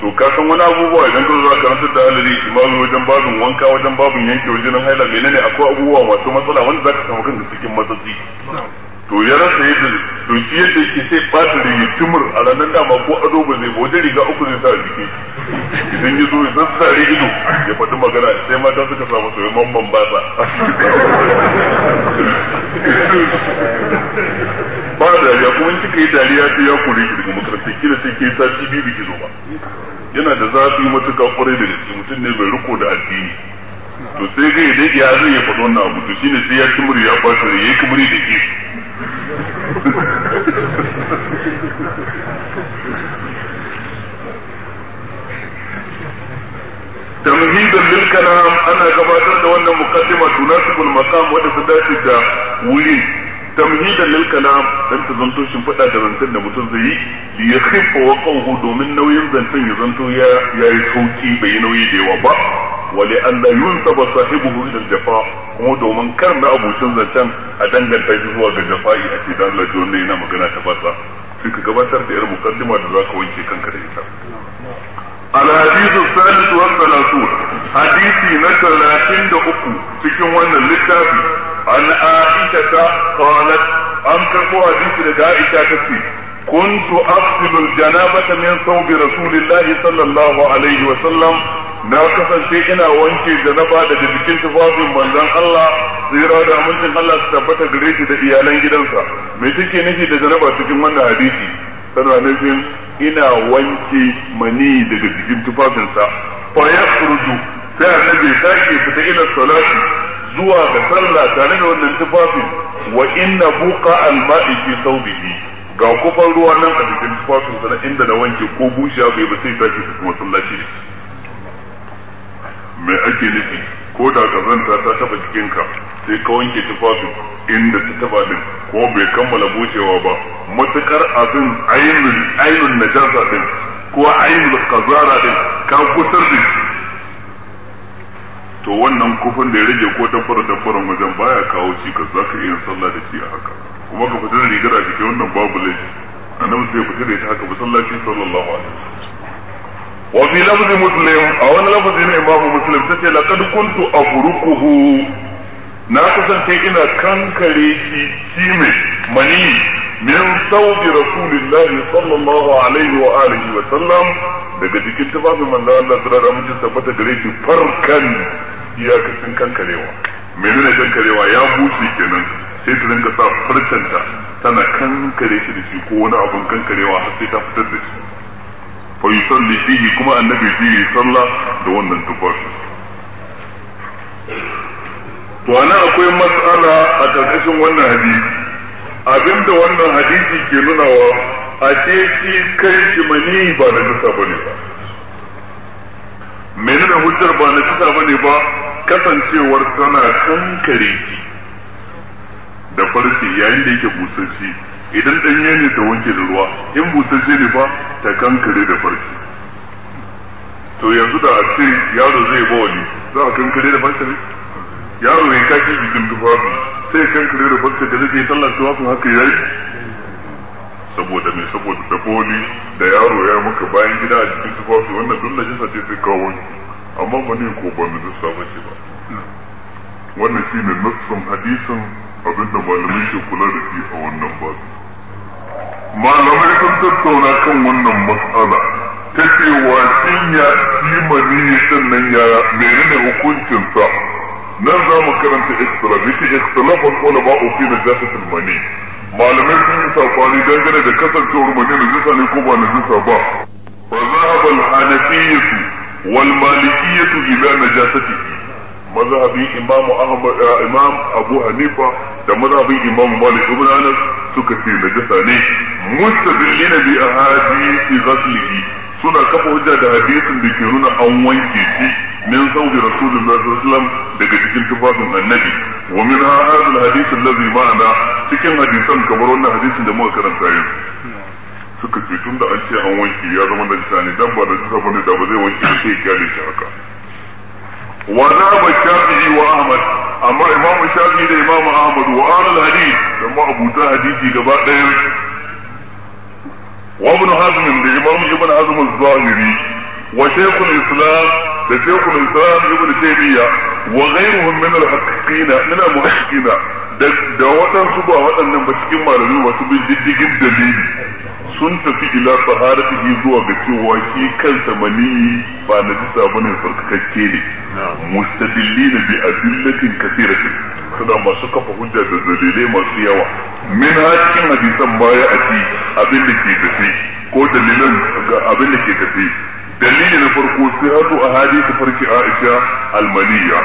to ka san wani abubuwa idan ka zo karantar da alari imamu wajen babin wanka wajen babin yanke wajen haila menene akwai abubuwa masu matsala wanda zaka samu kanka cikin matsatsi to ya rasa yadda to shi yadda yake sai fata da tumur a ranar dama ko ado ba zai wajen riga uku zai sa jiki idan ya zo ya sassare ido ya faɗi magana sai mata suka samu soyayyen mamman basa ba da ya kuma kika yi dariya sai ya kore shi daga makarantar kira sai ke shi biyu biki zo ba yana da zafi matuka kwarai da gaske mutum ne bai riko da addini to sai ga idan ya zai ya faɗi wannan abu to shine sai ya kimuri ya ɓata ya yi kimuri da ke tamhidan lil kalam ana gabatar da wannan muqaddima tunasibul maqam wadda ta dace da wuri tamhidan lil kalam dan ta zanto shin fada da zancen da mutum zai yi li yakhifa wa qawhu domin nauyin zancen ya zanto ya yayi sauki bai yi nauyi da yawa ba wa li an la yunsaba sahibuhu ila jafa kuma domin kar na abucin zancen a danganta shi zuwa ga jafa'i a ce dan wanda yana magana ta basa sai ka gabatar da yar mukaddima da zaka wanke kanka da ita الحديث الثالث والثلاثون حديثي نتلاتين دقو تكون وانا للتابي an aisha ta qalat an karbo hadisi daga aisha tace كنت أغسل الجنابة من ثوب رسول الله صلى الله عليه وسلم na kasance ina wanke janaba daga bikin tufafin manzon Allah tsira da amincin Allah su tabbata gare da iyalan gidansa me take nufi da janaba cikin wannan hadisi tana nufin ina wanke mani daga jikin tufafinsa fa ya sai annabi sake fita ila salati zuwa ga sallah tare da wannan tufafin wa inna buqa al-ma'i fi thawbihi ga kufan ruwa nan a cikin tufafin sa inda na wanke ko bushe bai ba sai tashi su kuma sallaci me ake nufi ko da kazanta ta taba jikinka sai ka wanke tufafin inda ta taba din ko bai kammala bushewa ba matukar abin ainun ainun najasa din ko ainul kazara din ka gusar da to wannan kufin da ya rage ko fara dabbaran wajen baya kawo cikas za ka iya sallah da shi a haka kuma ka fita da rigar a jikin wannan babu laifi annabi sai fita da ita haka masallaci sallallahu alaihi wa fi lafzi muslim a wani lafzi na imamu muslim ce laqad kuntu afruquhu na kasance ina kankare shi shi mai mani min saudi rasulillahi sallallahu alaihi wa alihi wa sallam daga cikin tufafin manzo Allah sallallahu alaihi wa sallam tabbata gare shi farkan iyakacin kankarewa nuna kankarewa ya bushe kenan sai ta rinka sa farcanta tana kankare shi da shi ko wani abun kankarewa har sai ta fitar da shi fa yusalli fihi kuma annabi fihi sallah da wannan tufafi to ana akwai matsala a karkashin wannan hadisi abinda wannan hadisi ke nunawa a ce shi kai shi mani ba da nisa bane ba menene hujjar ba na kisa bane ba kasancewar tana kankare ki da farce yayin da yake busasshe idan danye ne ta wanke da ruwa in busasshe ne ba ta kankare da farce to yanzu da a ce yaro zai wani za a kankare da farce ne yaro ya kashi jikin tufafi sai kankare da farce da zai sallar tufafin haka yayi saboda mai saboda daboli da yaro ya maka bayan gida a cikin tufafi wannan duk najasa ce sai kawo amma ba ne ko ba najasa ba ce ba wannan shi ne nassun hadisin abinda malamai ke kula da shi a wannan babu malamai sun tattauna kan wannan matsala ta ce wa ya yi maniyi sannan ya menene hukuncinsa nan za mu karanta ikhtilaf yake ikhtilafun ulama fi najasatul tilmani malamai sun yi don dangane da kasancewar mace jisa ne ko ba jisa ba fa zahaba al-hanafiyyah wal malikiyyah ila najasati mazhabi imamu ahmad eh, imam abu hanifa da mazhabi imamu malik ibn anas suka ce najasa ne mustadillina bi ahadithi ghaslihi suna kafa hujja da hadisin da ke nuna an wanke shi min da rasulullahi sallallahu daga cikin tufafin annabi wa min hadal hadith allazi ma'ana cikin hadisan kamar wannan hadisin da muka karanta yau suka ce tunda an ce an wanke ya zama da tsani dan ba da tsaba bane da ba zai wanke sai ya kyale shi haka wa zaba shafi'i wa ahmad amma imamu shafi'i da imamu ahmad wa alal hadith da ma abuta hadisi gaba daya. وابن حزم بإمام ابن حزم الظاهري وشيخ الإسلام لشيخ الإسلام ابن تيمية وغيرهم من الحقيقين من المحققين da waɗansu ba waɗannan ba cikin malami masu bin diddigin dalili sun tafi ila taharatihi zuwa ga cewa shi kansa mani ba na jisa bane farkakakke ne mustadillina bi adillatin kathiratin suna masu kafa hujja da dalilai masu yawa min cikin hadisan baya a ci abin da ke tafi ko dalilan ga abin da ke tafi dalili na farko sai hadu a hadisi farki Aisha almaniya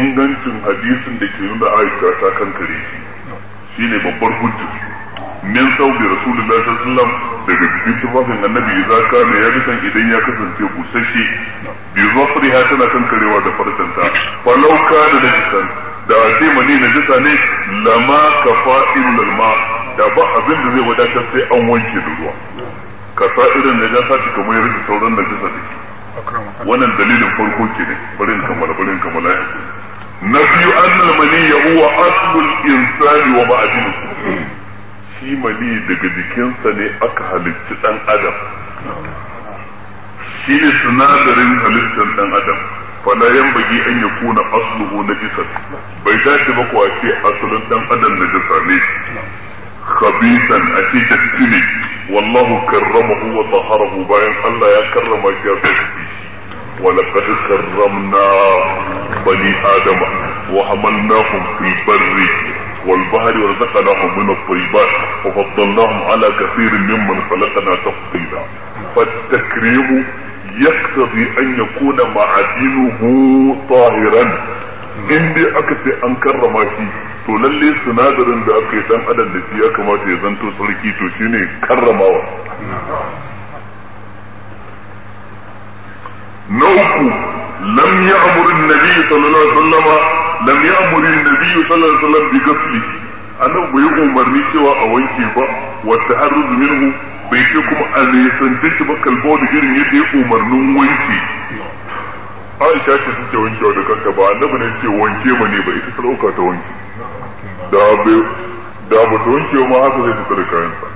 ingancin hadisin da ke nuna Aisha ta kankare shi shine babbar hujja min saubi rasulullah sallallahu alaihi wasallam daga cikin tufafin annabi ne ya san idan ya kasance busasshe bi zafriha tana kankarewa da farkanta law ka da jisan da sai mani na jisa ne lama kafa'il ma da ba abin da zai wadatar sai an wanke da ruwa ka sa irin da jasa ta kuma yadda sauran da jisa take wannan dalilin farko ke ne barin kamar barin kamar ya na biyu annal mani huwa aslul insani wa ba'dinu shi daga jikinsa ne aka halitta dan adam shi ne sinadarin halittar dan adam fala yan bagi an ya kuna asluhu na jisar bai dace ba kuwa ce asalin dan adam na jisa ne khabisan a ce datti ne wallahu karrama wa taharahu bayan Allah ya karrama shi ya tsarki ولقد كرمنا بني آدم وحملناهم في البر والبحر ورزقناهم من الطيبات وفضلناهم على كثير ممن خلقنا تفضيلا فالتكريم يقتضي ان يكون معادنه طاهرا in dai aka ce an karrama shi to lalle sinadarin da aka yi dan adam da shi ya kamata ya zanto sarki to shine karramawa na uku lam ya'mur an-nabi sallallahu alaihi wasallam lam ya'mur an-nabi sallallahu alaihi wasallam bi bai umarni cewa a wanke ba wa ta'arrud minhu bai ce kuma a nisanci shi ba kalbo irin yadda ya umarnin wanke Aisha ce suke wankewa da kanta ba annabi ne ce wanke ma ne ba ita ta ta wanke da ba ta wanke ma haka zai fita da kayansa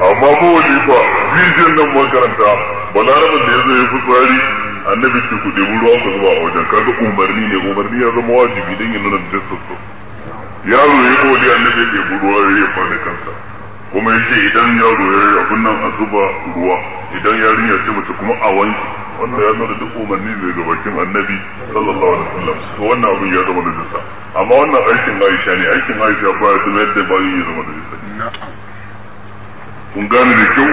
amma wani fa jijiyar nan ba karanta rabin da ya zai ya fi tsari annabi ce ku ɗebi ruwa ku zuba a wajen kaga umarni ne umarni ya zama wajibi don yin nan jinsinsu yaro ya koli annabi ya ɗebi ruwa ya kwana kansa kuma ya ce idan yaro ya yi abin nan a zuba ruwa idan yarinya ce mace kuma a wanki wannan ya nuna da umarni zai ga bakin annabi sallallahu alaihi wasallam to wannan abin ya zama da jinsa amma wannan aikin Aisha ne aikin Aisha ba ya zama yadda bayan ya zama da jinsa kun gane da kyau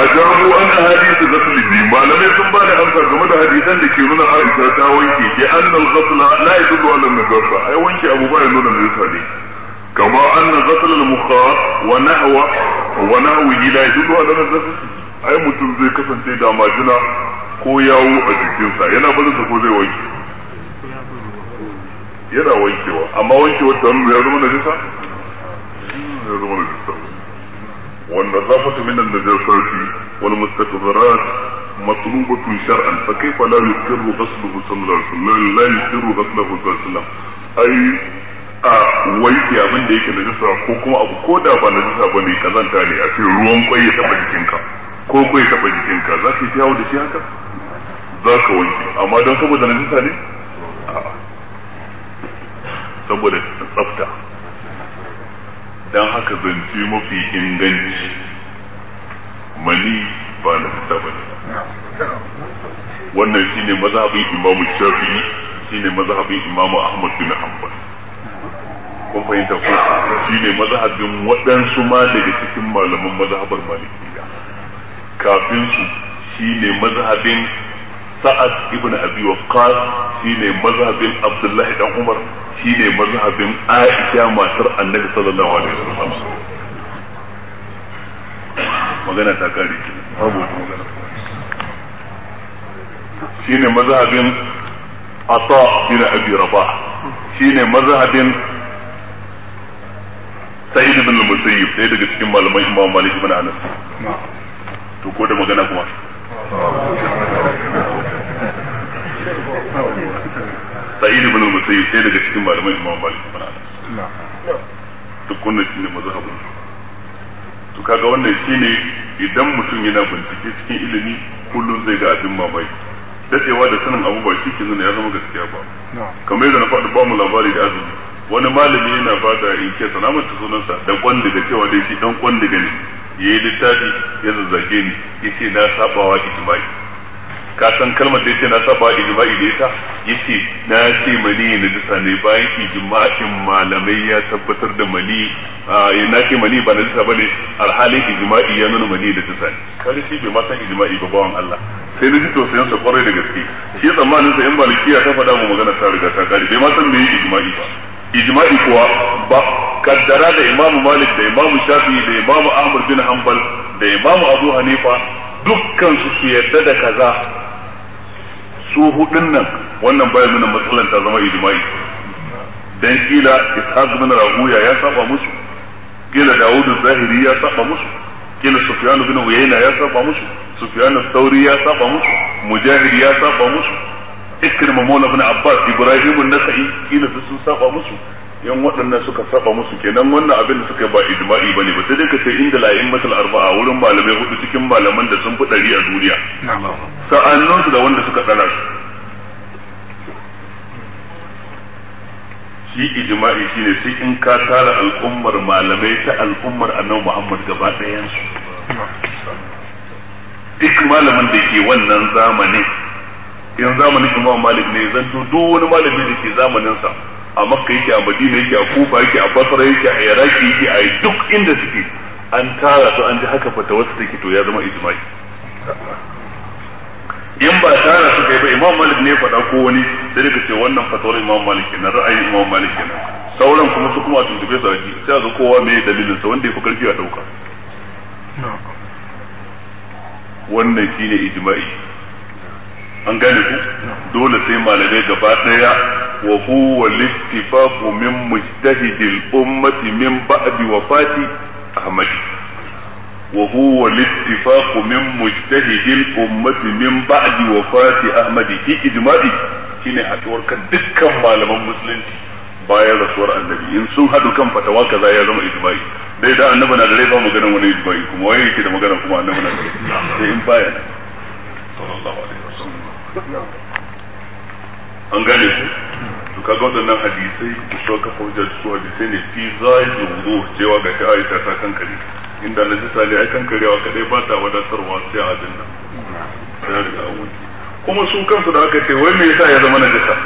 ajabu an hadisi ghasli malamai sun ba da amsa game da hadisan da ke nuna Aisha ta wanke ke annal ghasla la nan na najasa ai wanke abu ba ya nuna najasa ne kama anna ghasl al muka wa na'awa wa nahwihi la yadullu ala su ai mutum zai kasance da majina ko yawo a jikinsa yana barin sa ko zai wanke yana wankewa amma wankewa ta ya zama jisa. ya zama najasa wanda zafata minan najasati wal mustaqbarat matlubatun shar'an fa kayfa la yuqirru ghasluhu sallallahu alaihi wasallam la yuqirru ghasluhu sallallahu alaihi wasallam ai a wai ki abin da yake najasa ko kuma abu ko da ba najasa bane kazanta ne a ce ruwan kwai ya taba jikinka ko kwai ya taba jikinka za ka yi yawo da shi haka za ka wanke amma don saboda najasa ne saboda tsafta don haka zance mafi inganci mani ba na fita ba wannan shine mazhabin imamu shafi'i shine mazhabin imamu ahmad bin hanbal kun fahimta ko shine mazhabin waɗansu ma daga cikin malaman mazhabar malikiya kafin su shine mazhabin sa'ad ibn abi waqqas shine mazhabin abdullah dan umar shine mazhabin aisha matar annabi sallallahu alaihi wasallam magana ta kare ki babu wata magana shine mazhabin ata bin abi rabah shine mazhabin sa'id ibn al-musayyib sai daga cikin malaman imam malik ibn anas to ko da magana kuma sa'id ibn musayyib sai daga cikin malaman imam malik ibn anas duk wannan shine mazhabin to kaga wannan shine idan mutum yana bincike cikin ilimi kullum zai ga abin mamaki dadewa da sanin abu ba shi ke nuna ya zama gaskiya ba kamar yadda na faɗi ba mu labari da azumi wani malami yana ba da inke ke sanamar sunansa da kwan daga cewa dai shi dan kwan daga ne yayi littafi ya zazzage ni yace na sabawa ijma'i ka san kalmar da yace na sabawa ijma'i da ita yace na ce mani na dusa ne bayan ijma'in malamai ya tabbatar da mani eh, na ce mani ba na dusa bane alhalin ijma'i ya nuna mani da dusa ne kare shi bai ma san ijma'i ba bawan Allah sai na ji tausayin sa kwarai da gaske shi tsammanin sa in malikiya ta faɗa mu magana ta riga ta kare bai ma san me ijma'i ba ijma'i kuwa ba kaddara da imamu malik da imamu shafi da imamu ahmad bin hanbal da imamu abu hanifa dukkan su su yarda da kaza su hudun nan wannan bayan nuna matsalan ta zama ijma'i dan kila ishaq bin rahuya ya saba musu kila daud zahiri ya saba musu kila sufyan bin uyayna ya saba musu sufyan al ya saba musu mujahid ya saba musu ikrim maula ibn abbas ibrahim ibn nasai kila su sun saba musu yan waɗannan suka saba musu kenan wannan abin da suka ba ijma'i bane ba sai dai ka ce inda la'in masal arba'a wurin malamai hudu cikin malaman da sun fi ɗari a duniya sa'annan su da wanda suka tsara su shi ijma'i shine sai in ka tara al'ummar malamai ta al'ummar annabi Muhammad gaba ɗayan su duk malamin da ke wannan zamanin yan zamanin imam malik ne zanto duk wani malami da ke zamanin sa a makka yake a madina yake a kufa yake a basra yake a iraki yake a duk inda suke an tara su an ji haka fata wasu take to ya zama ijma'i in ba tara su kai ba imam malik ne faɗa ko wani sai ka ce wannan fatawar imam malik ne ra'ayin imam malik ne sauran kuma su kuma tun su sai sai ga kowa mai dalilin sa wanda ya fi karfi a dauka wannan shine ijma'i an gane ku dole sai malamai gaba daya wa huwa littifaqu min mujtahidil ummati min ba'di wafati ahmad wa huwa littifaqu min mujtahidil ummati min ba'di wafati ahmad ki ijma'i shine haɗuwar kan dukkan malaman musulunci bayan rasuwar annabi in sun hadu kan fatawa kaza ya zama ijma'i dai da annabi na da rai ba maganar wani ijma'i kuma waye yake da magana kuma annabi na da rai sai in baya sallallahu alaihi an gane su to kaga waɗannan hadisai da so kafa hujjar su hadisai ne fi yi wudu cewa ga ta aisha ta kankare inda na jisa ne ai kankarewa kadai ba ta wadatarwa sai a abin nan riga wuce kuma su kansu da aka ce wai me yasa ya zama na jisa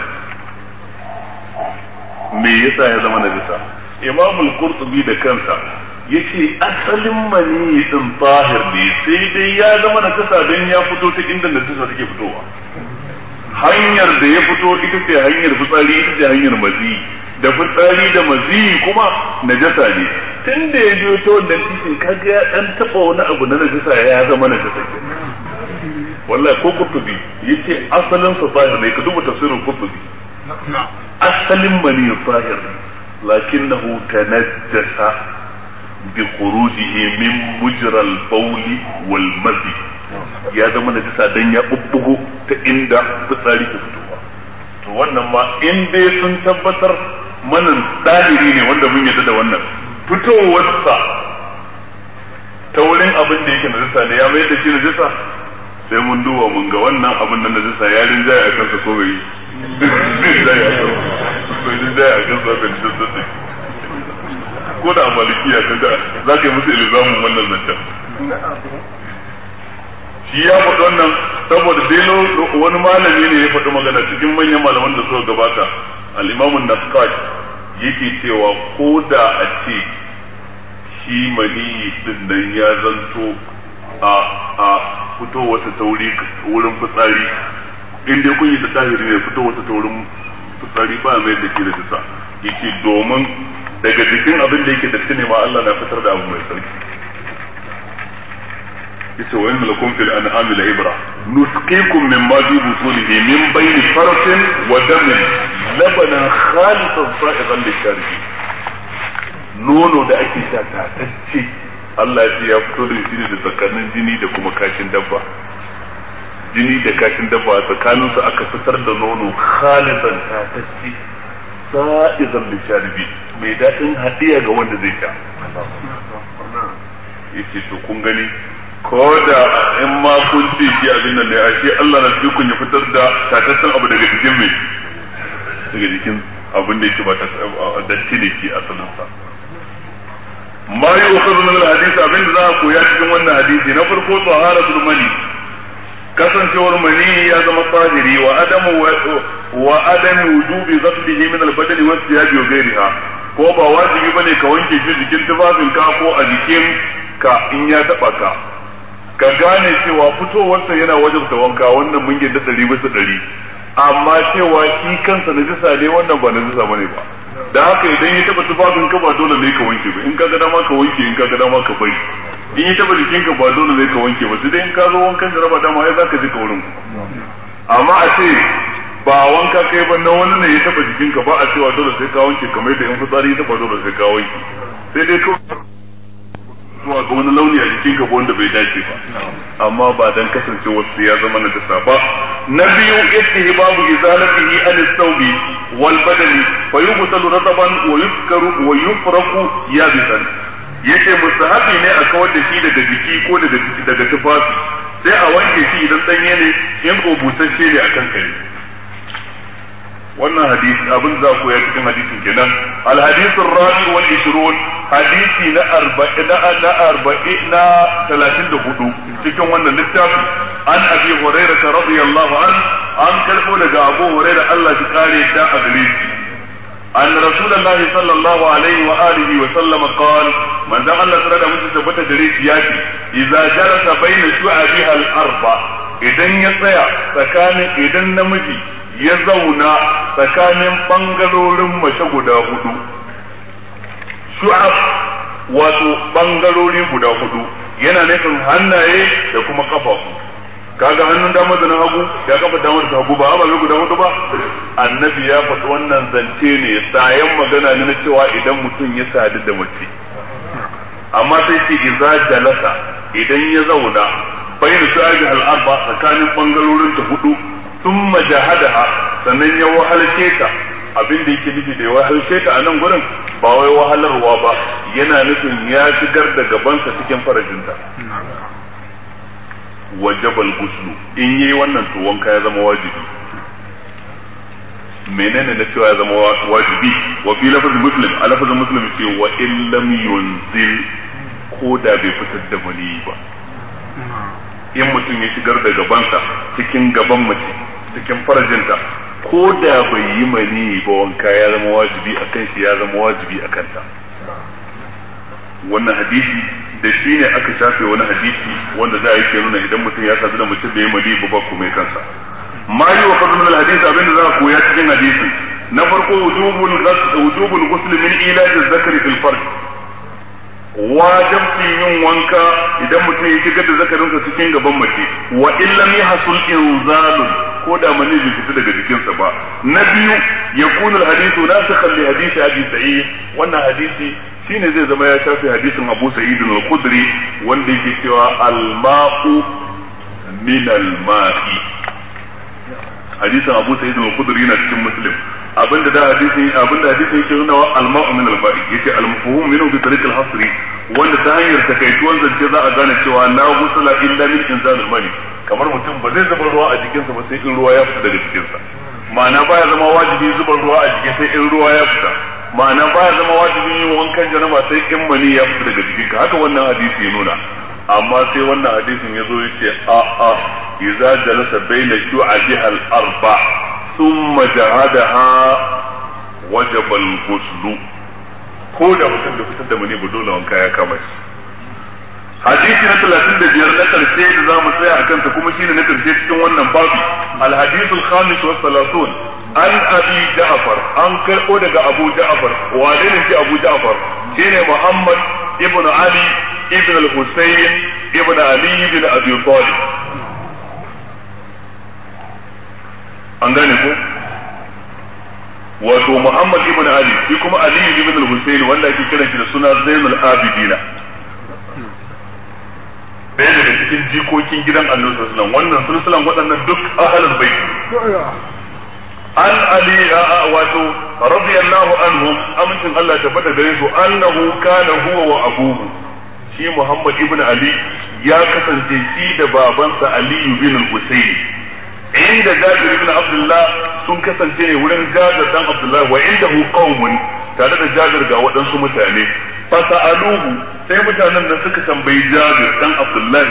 me yasa ya zama na jisa imamul qurtubi da kansa yace asalin mani din tahir ne sai dai ya zama na kasa dan ya fito ta inda na kasa take fitowa hanyar da ya fito ita ce hanyar fitsari ita ce hanyar mazi da fitsari da mazi kuma najasa ne tun da ya biyo ta wannan titin kaga ya dan taba wani abu na najasa ya zama najasa wallahi ko kutubi yace asalin sa tahir ne ka duba tafsirin kutubi asalin mani tahir lakinnahu tanajjasa بخروجه من مجرى البول والمذي ya zama na jisa dan ya bubbugo ta inda fitsari ke fitowa to wannan ma in dai sun tabbatar manan daliri ne wanda mun yadda da wannan fitowarsa ta wurin abin da yake najisa ne ya mai da shi najisa sai mun duba mun ga wannan abin da ya a kansa ko bai a kansa bai a kansa bai ko da a malikiya ta ga, za ka yi musu ilzamin wannan zancen shi ya faɗi wannan saboda dai wani malami ne ya faɗi magana cikin manyan malaman da suka gabata al'imamun na naskash yake cewa ko da a ce shi mani din nan ya zanto a a fito wata tauri wurin fitsari in dai kun yi da tahiri ne fito wata taurin fitsari ba mai da ke da tsa yake domin daga jikin abin da yake da ne ma Allah na fitar da abu mai sarki yace wa innal kum fil an'ami la ibra nusqikum mimma fi butunihi min bayni farsin wa damin labanan khalisan sa'iqan lisharibin nono da ake sha tatacce Allah ya ya fito da shi ne da tsakanin jini da kuma kashin dabba jini da kashin dabba tsakanin su aka fitar da nono khalisan tatacce sa'izan lisharibi mai daɗin hadiya ga wanda zai sha yace to kun gani ko da in ma kun ce shi abin nan ne ashe Allah na ji kun ya fitar da tatattan abu daga cikin mai daga cikin abin da yake ba ta da ne ke asalin sa ma yi wa min al hadisi abin da za a koya cikin wannan hadisi na farko taharatul mani kasancewar mani ya zama tsahiri wa adamu wa adam wujubi ghaslihi min al-badani wa thiyabi wa ghayriha ko ba wajibi bane ka wanke shi jikin tufafin ka ko a jikin ka in ya taba ka ka gane cewa fitowarsa yana wajen da wanka wannan mun da ɗari bisa ɗari amma cewa shi kansa na jisa ne wannan ba na jisa bane ba da haka idan ya taba tufafin ka ba dole ne ka wanke ba in ka ga dama ka wanke in ka ga dama ka bari in ya taba jikin ka ba dole ne ka wanke ba sai dai in ka zo wankan da raba dama ai zaka ji ka wurin amma a ce ba wanka kai ba na wani ne ya taba jikinka ba a cewa dole sai ka wanke kamar da in fitsari ya taba dole sai ka wanke sai dai kawai zuwa ga wani launi a jikinka ko wanda bai dace ba amma ba dan kasance wasu ya zama na dasa ba na biyu yadda istihbabu izalatihi an thawbi wal badani fa yughsalu rataban wa Karu, wa yufraku yabisan yace haɗi ne a kawar da shi daga jiki ko daga tufafi sai a wanke shi idan danye ne in ko busasshe ne kan kare wannan hadisi abin za ku ya cikin hadisin kenan al hadithu rabi wal ishrun hadisi na 40 na 40 na 34 cikin wannan littafi an abi hurairah radiyallahu an an kalbo daga abu hurairah Allah ya kare da adalci wa رسول الله صلى الله عليه وآله وسلم قال من ذا الله سرد من تثبت دريس ياتي إذا جلس بين شعبها الأربع إذن يطيع فكان إذن نمجي ya zauna tsakanin ɓangarorin mace guda hudu shu'ab wato ɓangarori guda hudu yana nufin hannaye da kuma kafafu kaga hannun dama da na hagu ya kafa dama da hagu ba ababe guda hudu ba annabi ya faɗi wannan zance ne sayan magana ne na cewa idan mutum ya sadu da mace amma sai ce iza jalasa idan ya zauna bayin su al-arba tsakanin bangarorin ta hudu thumma jahadaha sannan ya wahalce ta abin da yake nufi da ya wahalce ta a nan gurin ba wai wahalarwa ba yana nufin ya shigar da gabansa cikin farajinta wajabal guslu in yi wannan to wanka ya zama wajibi menene na cewa ya zama wajibi wa fi lafazin muslim a lafazin muslim ce wa in lam yunzil ko da bai fitar da mani ba in mutum ya shigar da gabansa cikin gaban mace cikin farajinta ko da bai yi mani ba wanka ya zama wajibi a kan shi ya zama wajibi a kanta wannan hadisi da shi ne aka shafe wani hadisi wanda za a yi ke nuna idan mutum ya sadu da mutum da ya mani ba ba kuma kansa ma yi wa fadlul hadisi abinda za a koya cikin hadisi na farko wujubul ghusl min ilaj zakari fil farj fi yin wanka idan mutum ya shigar da zakarin sa cikin gaban mace wa illam yahsul inzalu ko da mani bai fita daga jikinsa ba na biyu yakunu alhadithu nasikhan kalli hadisi abi sa'id wannan hadisi shine zai zama ya shafi hadisin Abu Sa'id al qudri wanda yake cewa al-ma'u min al-ma'i hadisin Abu Sa'id al qudri na cikin Muslim abinda da hadisi abinda hadisi yake nuna wa al-ma'u min al-ba'i yace al mufhum minhu bi tariq al-hasri wanda ta hanyar takaituwan zance za a gane cewa la musala illa min inzal al-mani kamar mutum ba zai zuba ruwa a jikinsa ba sai in ruwa ya fita daga jikinsa ma'ana baya zama wajibi zuba ruwa a jikinsa sai in ruwa ya fita ma'ana baya zama wajibi yin wankan janaba sai in mani ya fita daga jikinka haka wannan hadisi ya nuna amma sai wannan hadisin ya zo yace a a idza jalasa baina shu'abiha al-arba' ثم جعدها وجب الغسل ko da mutum da fitar da mani ba dole wanka ya kama shi hadisi na talatin da biyar na karshe da za mu tsaya a kansa kuma shine na karshe cikin wannan babu alhadisu alkhamis wa salatun an abi ja'far an karɓo daga abu ja'far wane ne shi abu ja'far shine muhammad ibn ali ibn al-husayn ibn ali ibn abi talib an gane ko wato Muhammad ibn Ali shi kuma Ali ibn al-Husayn wanda yake kiran shi da suna Zainul Abidina bai daga cikin jikokin gidan Annabi sallallahu alaihi wannan sunan waɗannan duk ahlul bait an ali wato radiyallahu anhu amincin Allah ta faɗa gare su annahu kana huwa wa abuhu shi Muhammad ibn Ali ya kasance shi da babansa Ali ibn al-Husayn inda Jabir ibn Abdullah sun kasance ne wurin Jabir dan Abdullah wa indahu qaumun tare da Jabir ga waɗansu mutane fa sa'aluhu sai mutanen da suka tambayi Jabir dan Abdullah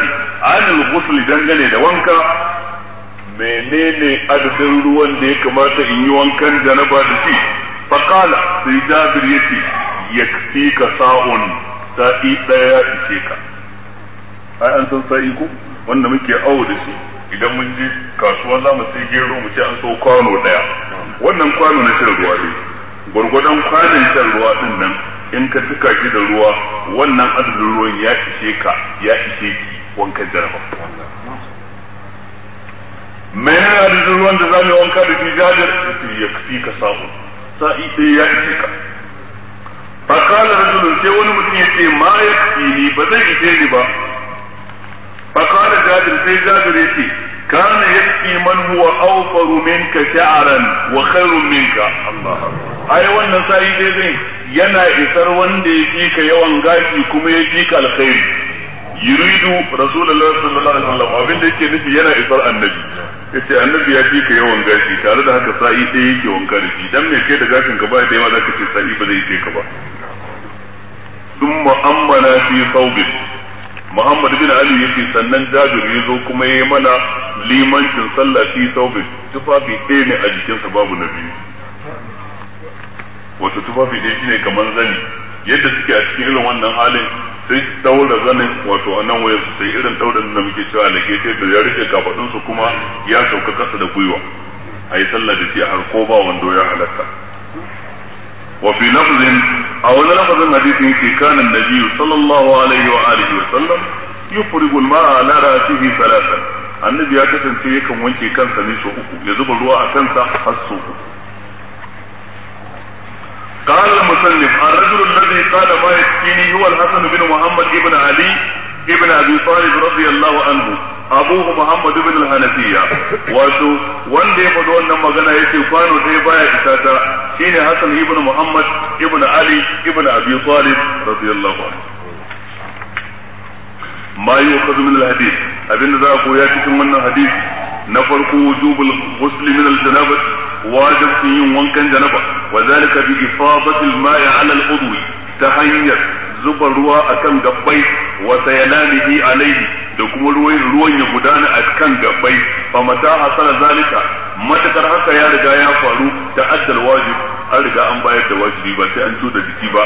anil ghusl dangane da wanka menene adadin ruwan da ya kamata in yi wankan janaba da shi fa qala sai Jabir yace yakfika sa'un sa'i daya ka ai an san sa'i ko wanda muke awo da shi idan mun je kasuwa za mu sai gero mu ce an so kwano daya wannan kwano na shan ruwa ne gwargwadon kwanon shan ruwa din nan in ka tuka shi da ruwa wannan adadin ruwan ya ishe ka ya ishe ki wankan jarabar mai yana adadin ruwan da zamu wanka da shi jajir ya fi ka samu sa'i ɗaya ya ishe ka fakalar qala rajulun sai wani mutum ya ce ma yakfini ba zai ishe ni ba فقال جابر سي جابر يتي كان يبكي من هو أوفر منك شعرا وخير منك الله أي وانا سايدي زين ينا إثر وندي فيك يوان غاشي كما يجيك الخير يريد رسول الله صلى الله عليه وسلم abin da كي nufi ينا isar النبي yace annabi ya fi ka yawan gashi tare da haka sa'i ɗaya yake wanka da shi dan me kai da gashin ka ba da yawa zaka ce sa'i ba zai ce ka ba dumma amma na fi thawbin Muhammad bin Ali yake sannan Jabir ya zo kuma yayi mana limancin sallah fi tufafi ɗaya ne a sa babu na wato tufafi ɗaya shine kamar zani yadda suke a cikin irin wannan halin sai taura zanin wato a nan wayar sai irin daurin da muke cewa da ke da ya rike kafadun su kuma ya sauka kasa da gwiwa a yi sallah da shi har ko ba wando ya halatta وفي لفظ أو لفظ حديث يتي كان النبي صلى الله عليه وآله وسلم يفرغ الماء على رأسه ثلاثا annabi ya في yakan wanke كان ne sau uku ya zuba ruwa a kansa har sau uku قال المسلم الرجل الذي قال ما يسقيني هو الحسن بن محمد ابن علي ابن ابي طالب رضي الله عنه abuhu muhammadu bin al-hanafiya wato wanda ya faɗi wannan magana yace kwano sai baya isa ta shine hasan ibn muhammad ibn ali ibn abi talib radiyallahu anhu ma yu'khadhu min al-hadith abinda za a koya cikin wannan hadith na farko wujubul ghusl min al-janabah wajib yin wankan janaba wa zalika bi al ma'i 'ala al-udwi ta hanyar zuba ruwa akan gabbai wa sayalanihi alaihi da kuma ruwan ruwan ya gudana akan gabbai fa mata hasala zalika matakar haka ya riga ya faru ta addal wajib an riga an bayar da wajibi ba sai an tuda jiki ba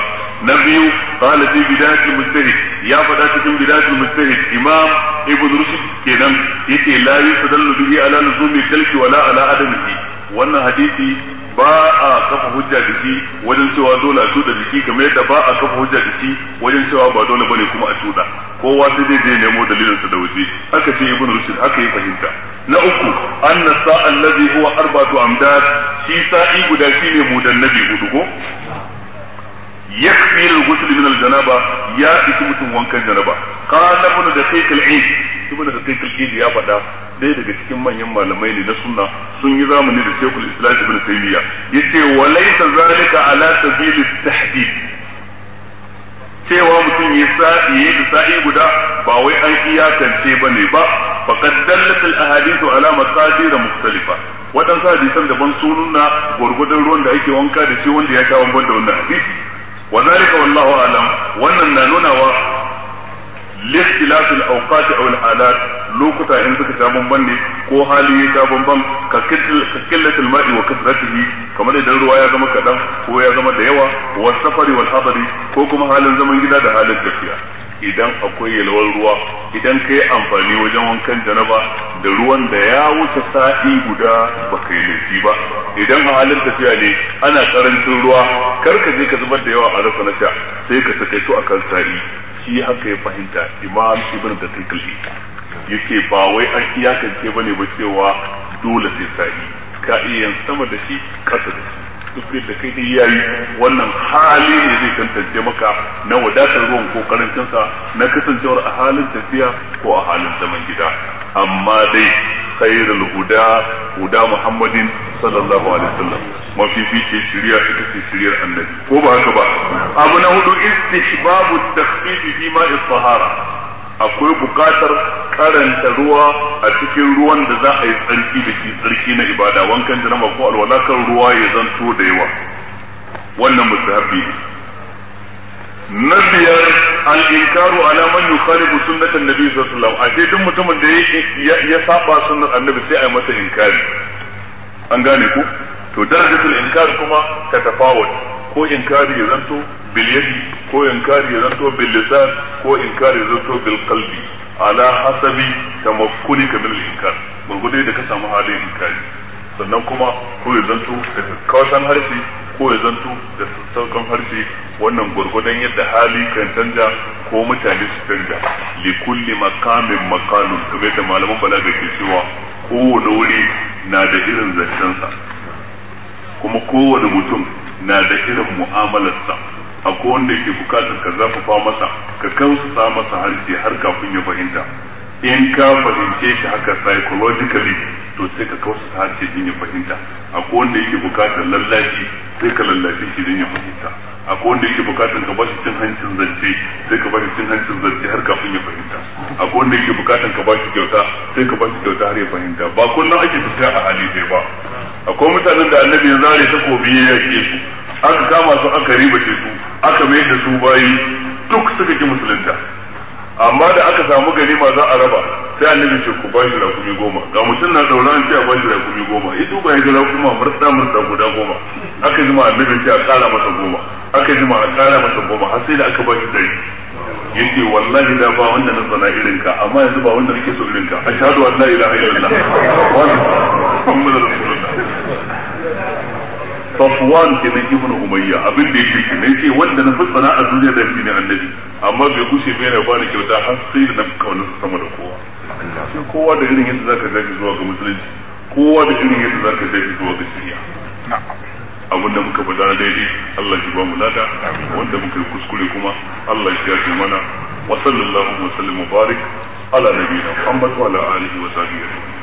na biyu qala fi bidayatul mustahid ya fada cikin bidayatul mustahid imam ibn rushd kenan yace la yusallu bihi ala luzumi kalki wala ala adamihi wannan hadisi ba a kafa hujja da shi wajen cewa dole a tuda jiki kamar yadda ba a kafa hujja da shi wajen cewa ba dole bane kuma a tuda kowa sai zai je nemo dalilin sa da waje haka ce ibnu rushd haka ya fahimta na uku anna sa'an ladhi huwa arba'atu amdad shi sa'i guda shine nabi hudu ko yakfi al-ghusl min al-janaba ya isi mutum wankan janaba qala ibnu da al kal'in ibnu da kai ya faɗa ɗaya daga cikin manyan malamai ne na sunna sun yi zamani da shekul islam ibn taymiya yace wa laysa zalika ala sabili tahdid cewa mutum ya sa'i da sa'i guda ba wai an iyakance bane ba fa qaddalat al ahadith ala maqadir mukhtalifa wadansu hadisan daban sun nuna gurgurdan ruwan da ake wanka da shi wanda ya kawo banda wannan hadisi wa zalika wallahu alam wannan na nuna wa لاختلاف الاوقات او الحالات لوكتا ان suka ta bamban ne ko hali ya ta bamban ka killatul ma'i wa kasratihi kamar idan ruwa ya zama والسفر ko ya zama da yawa wa safari حال hadari ko kuma halin zaman gida da halin tafiya idan akwai yalwar ruwa idan ka yi amfani wajen wankan janaba da ruwan da ya wuce sa'i guda ba ka yi laifi ba idan a halin tafiya ne ana karancin ruwa kar ka je ka zubar da yawa a rasa na sha sai ka a akan sa'i shi haka ya fahimta imam ibn da tilkali yake ba wai an iyakance ne ba cewa dole sai sa'i ka iya sama da shi kasa da shi duk da kai ya yayi wannan hali ne zai tantance maka na wadatar ruwan ko karancin sa na kasancewar a halin tafiya ko a halin zaman gida amma dai khairul huda huda muhammadin sallallahu alaihi wasallam mafi fice shirya ita ce shiryar annabi ko ba haka ba abu na hudu istihbabu takhfif fi ma'i sahara akwai bukatar karanta ruwa a cikin ruwan da za a yi tsarki da shi tsarki na ibada wankan janaba ko alwala kan ruwa ya zanto da yawa wannan mustahabi na biyar an inkaru ala man yukhalifu sunnatan nabi sallallahu alaihi wasallam a duk mutumin da ya saba sunnar annabi sai a yi masa inkari an gane ku to darajatul inkar kuma ta tafawut ko inkari ya zanto bil yadi ko inkari ya zanto bil lisan ko inkari ya zanto bil qalbi ala hasabi ka bil inkar gurgudai da ka samu halin inkari sannan kuma ko ya zanto da kawasan harshe ko ya zanto da sassaukan harshe wannan gurgudan yadda hali kan canja ko mutane su canja li kulli makamin makalun kamar da malaman balaga ke cewa kowane wuri na da irin zancensa kuma kowane mutum na da irin mu'amalarsa a wanda yake bukatar ka zafafa masa ka sa masa harshe har kafin ya fahimta in ka fahimce shi haka psychologically to sai ka kawo kausa harshe din ya fahimta a wanda yake bukatar lallashi sai ka lallashi shi din ya fahimta akwai wanda yake bukatan ka bashi cin hancin zance sai ka bashi cin hancin zance har kafin ya fahimta akwai wanda yake bukatan ka bashi kyauta sai ka bashi kyauta har ya fahimta ba kullum ake tafiya a hali sai ba akwai mutanen da annabi ya zare kobi ya yake su aka kama su aka riba su aka mai da su bayi duk suka ki musulunta amma da aka samu gari ma za a raba sai annabi ce ku bashi rakumi goma ga mutum na zaune an ce a bashi rakumi goma ya duba ya ga rakuma murda murda guda goma aka jima annabi ce a kara masa goma aka jima a kara masa goma har sai da aka bashi dari yace wallahi da ba wanda na sana irin ka amma yanzu ba wanda nake so irin ka ashhadu an la ilaha illallah wa anna muhammadar rasulullah safwan kenan ibnu umayya abin da yake kenan ce wanda na fassara a duniya da shi ne annabi amma bai kushe bai na bani kyauta har sai da na kauna sama da kowa sai kowa da irin yadda zaka gaji zuwa ga musulunci kowa da irin yadda zaka gaji zuwa ga shari'a abin da muka da daidai Allah shi ba mu lada wanda muka kuskure kuma Allah shi ya ce mana wa sallallahu wa sallam mubarak ala nabiyina Muhammad wa ala alihi wa sahbihi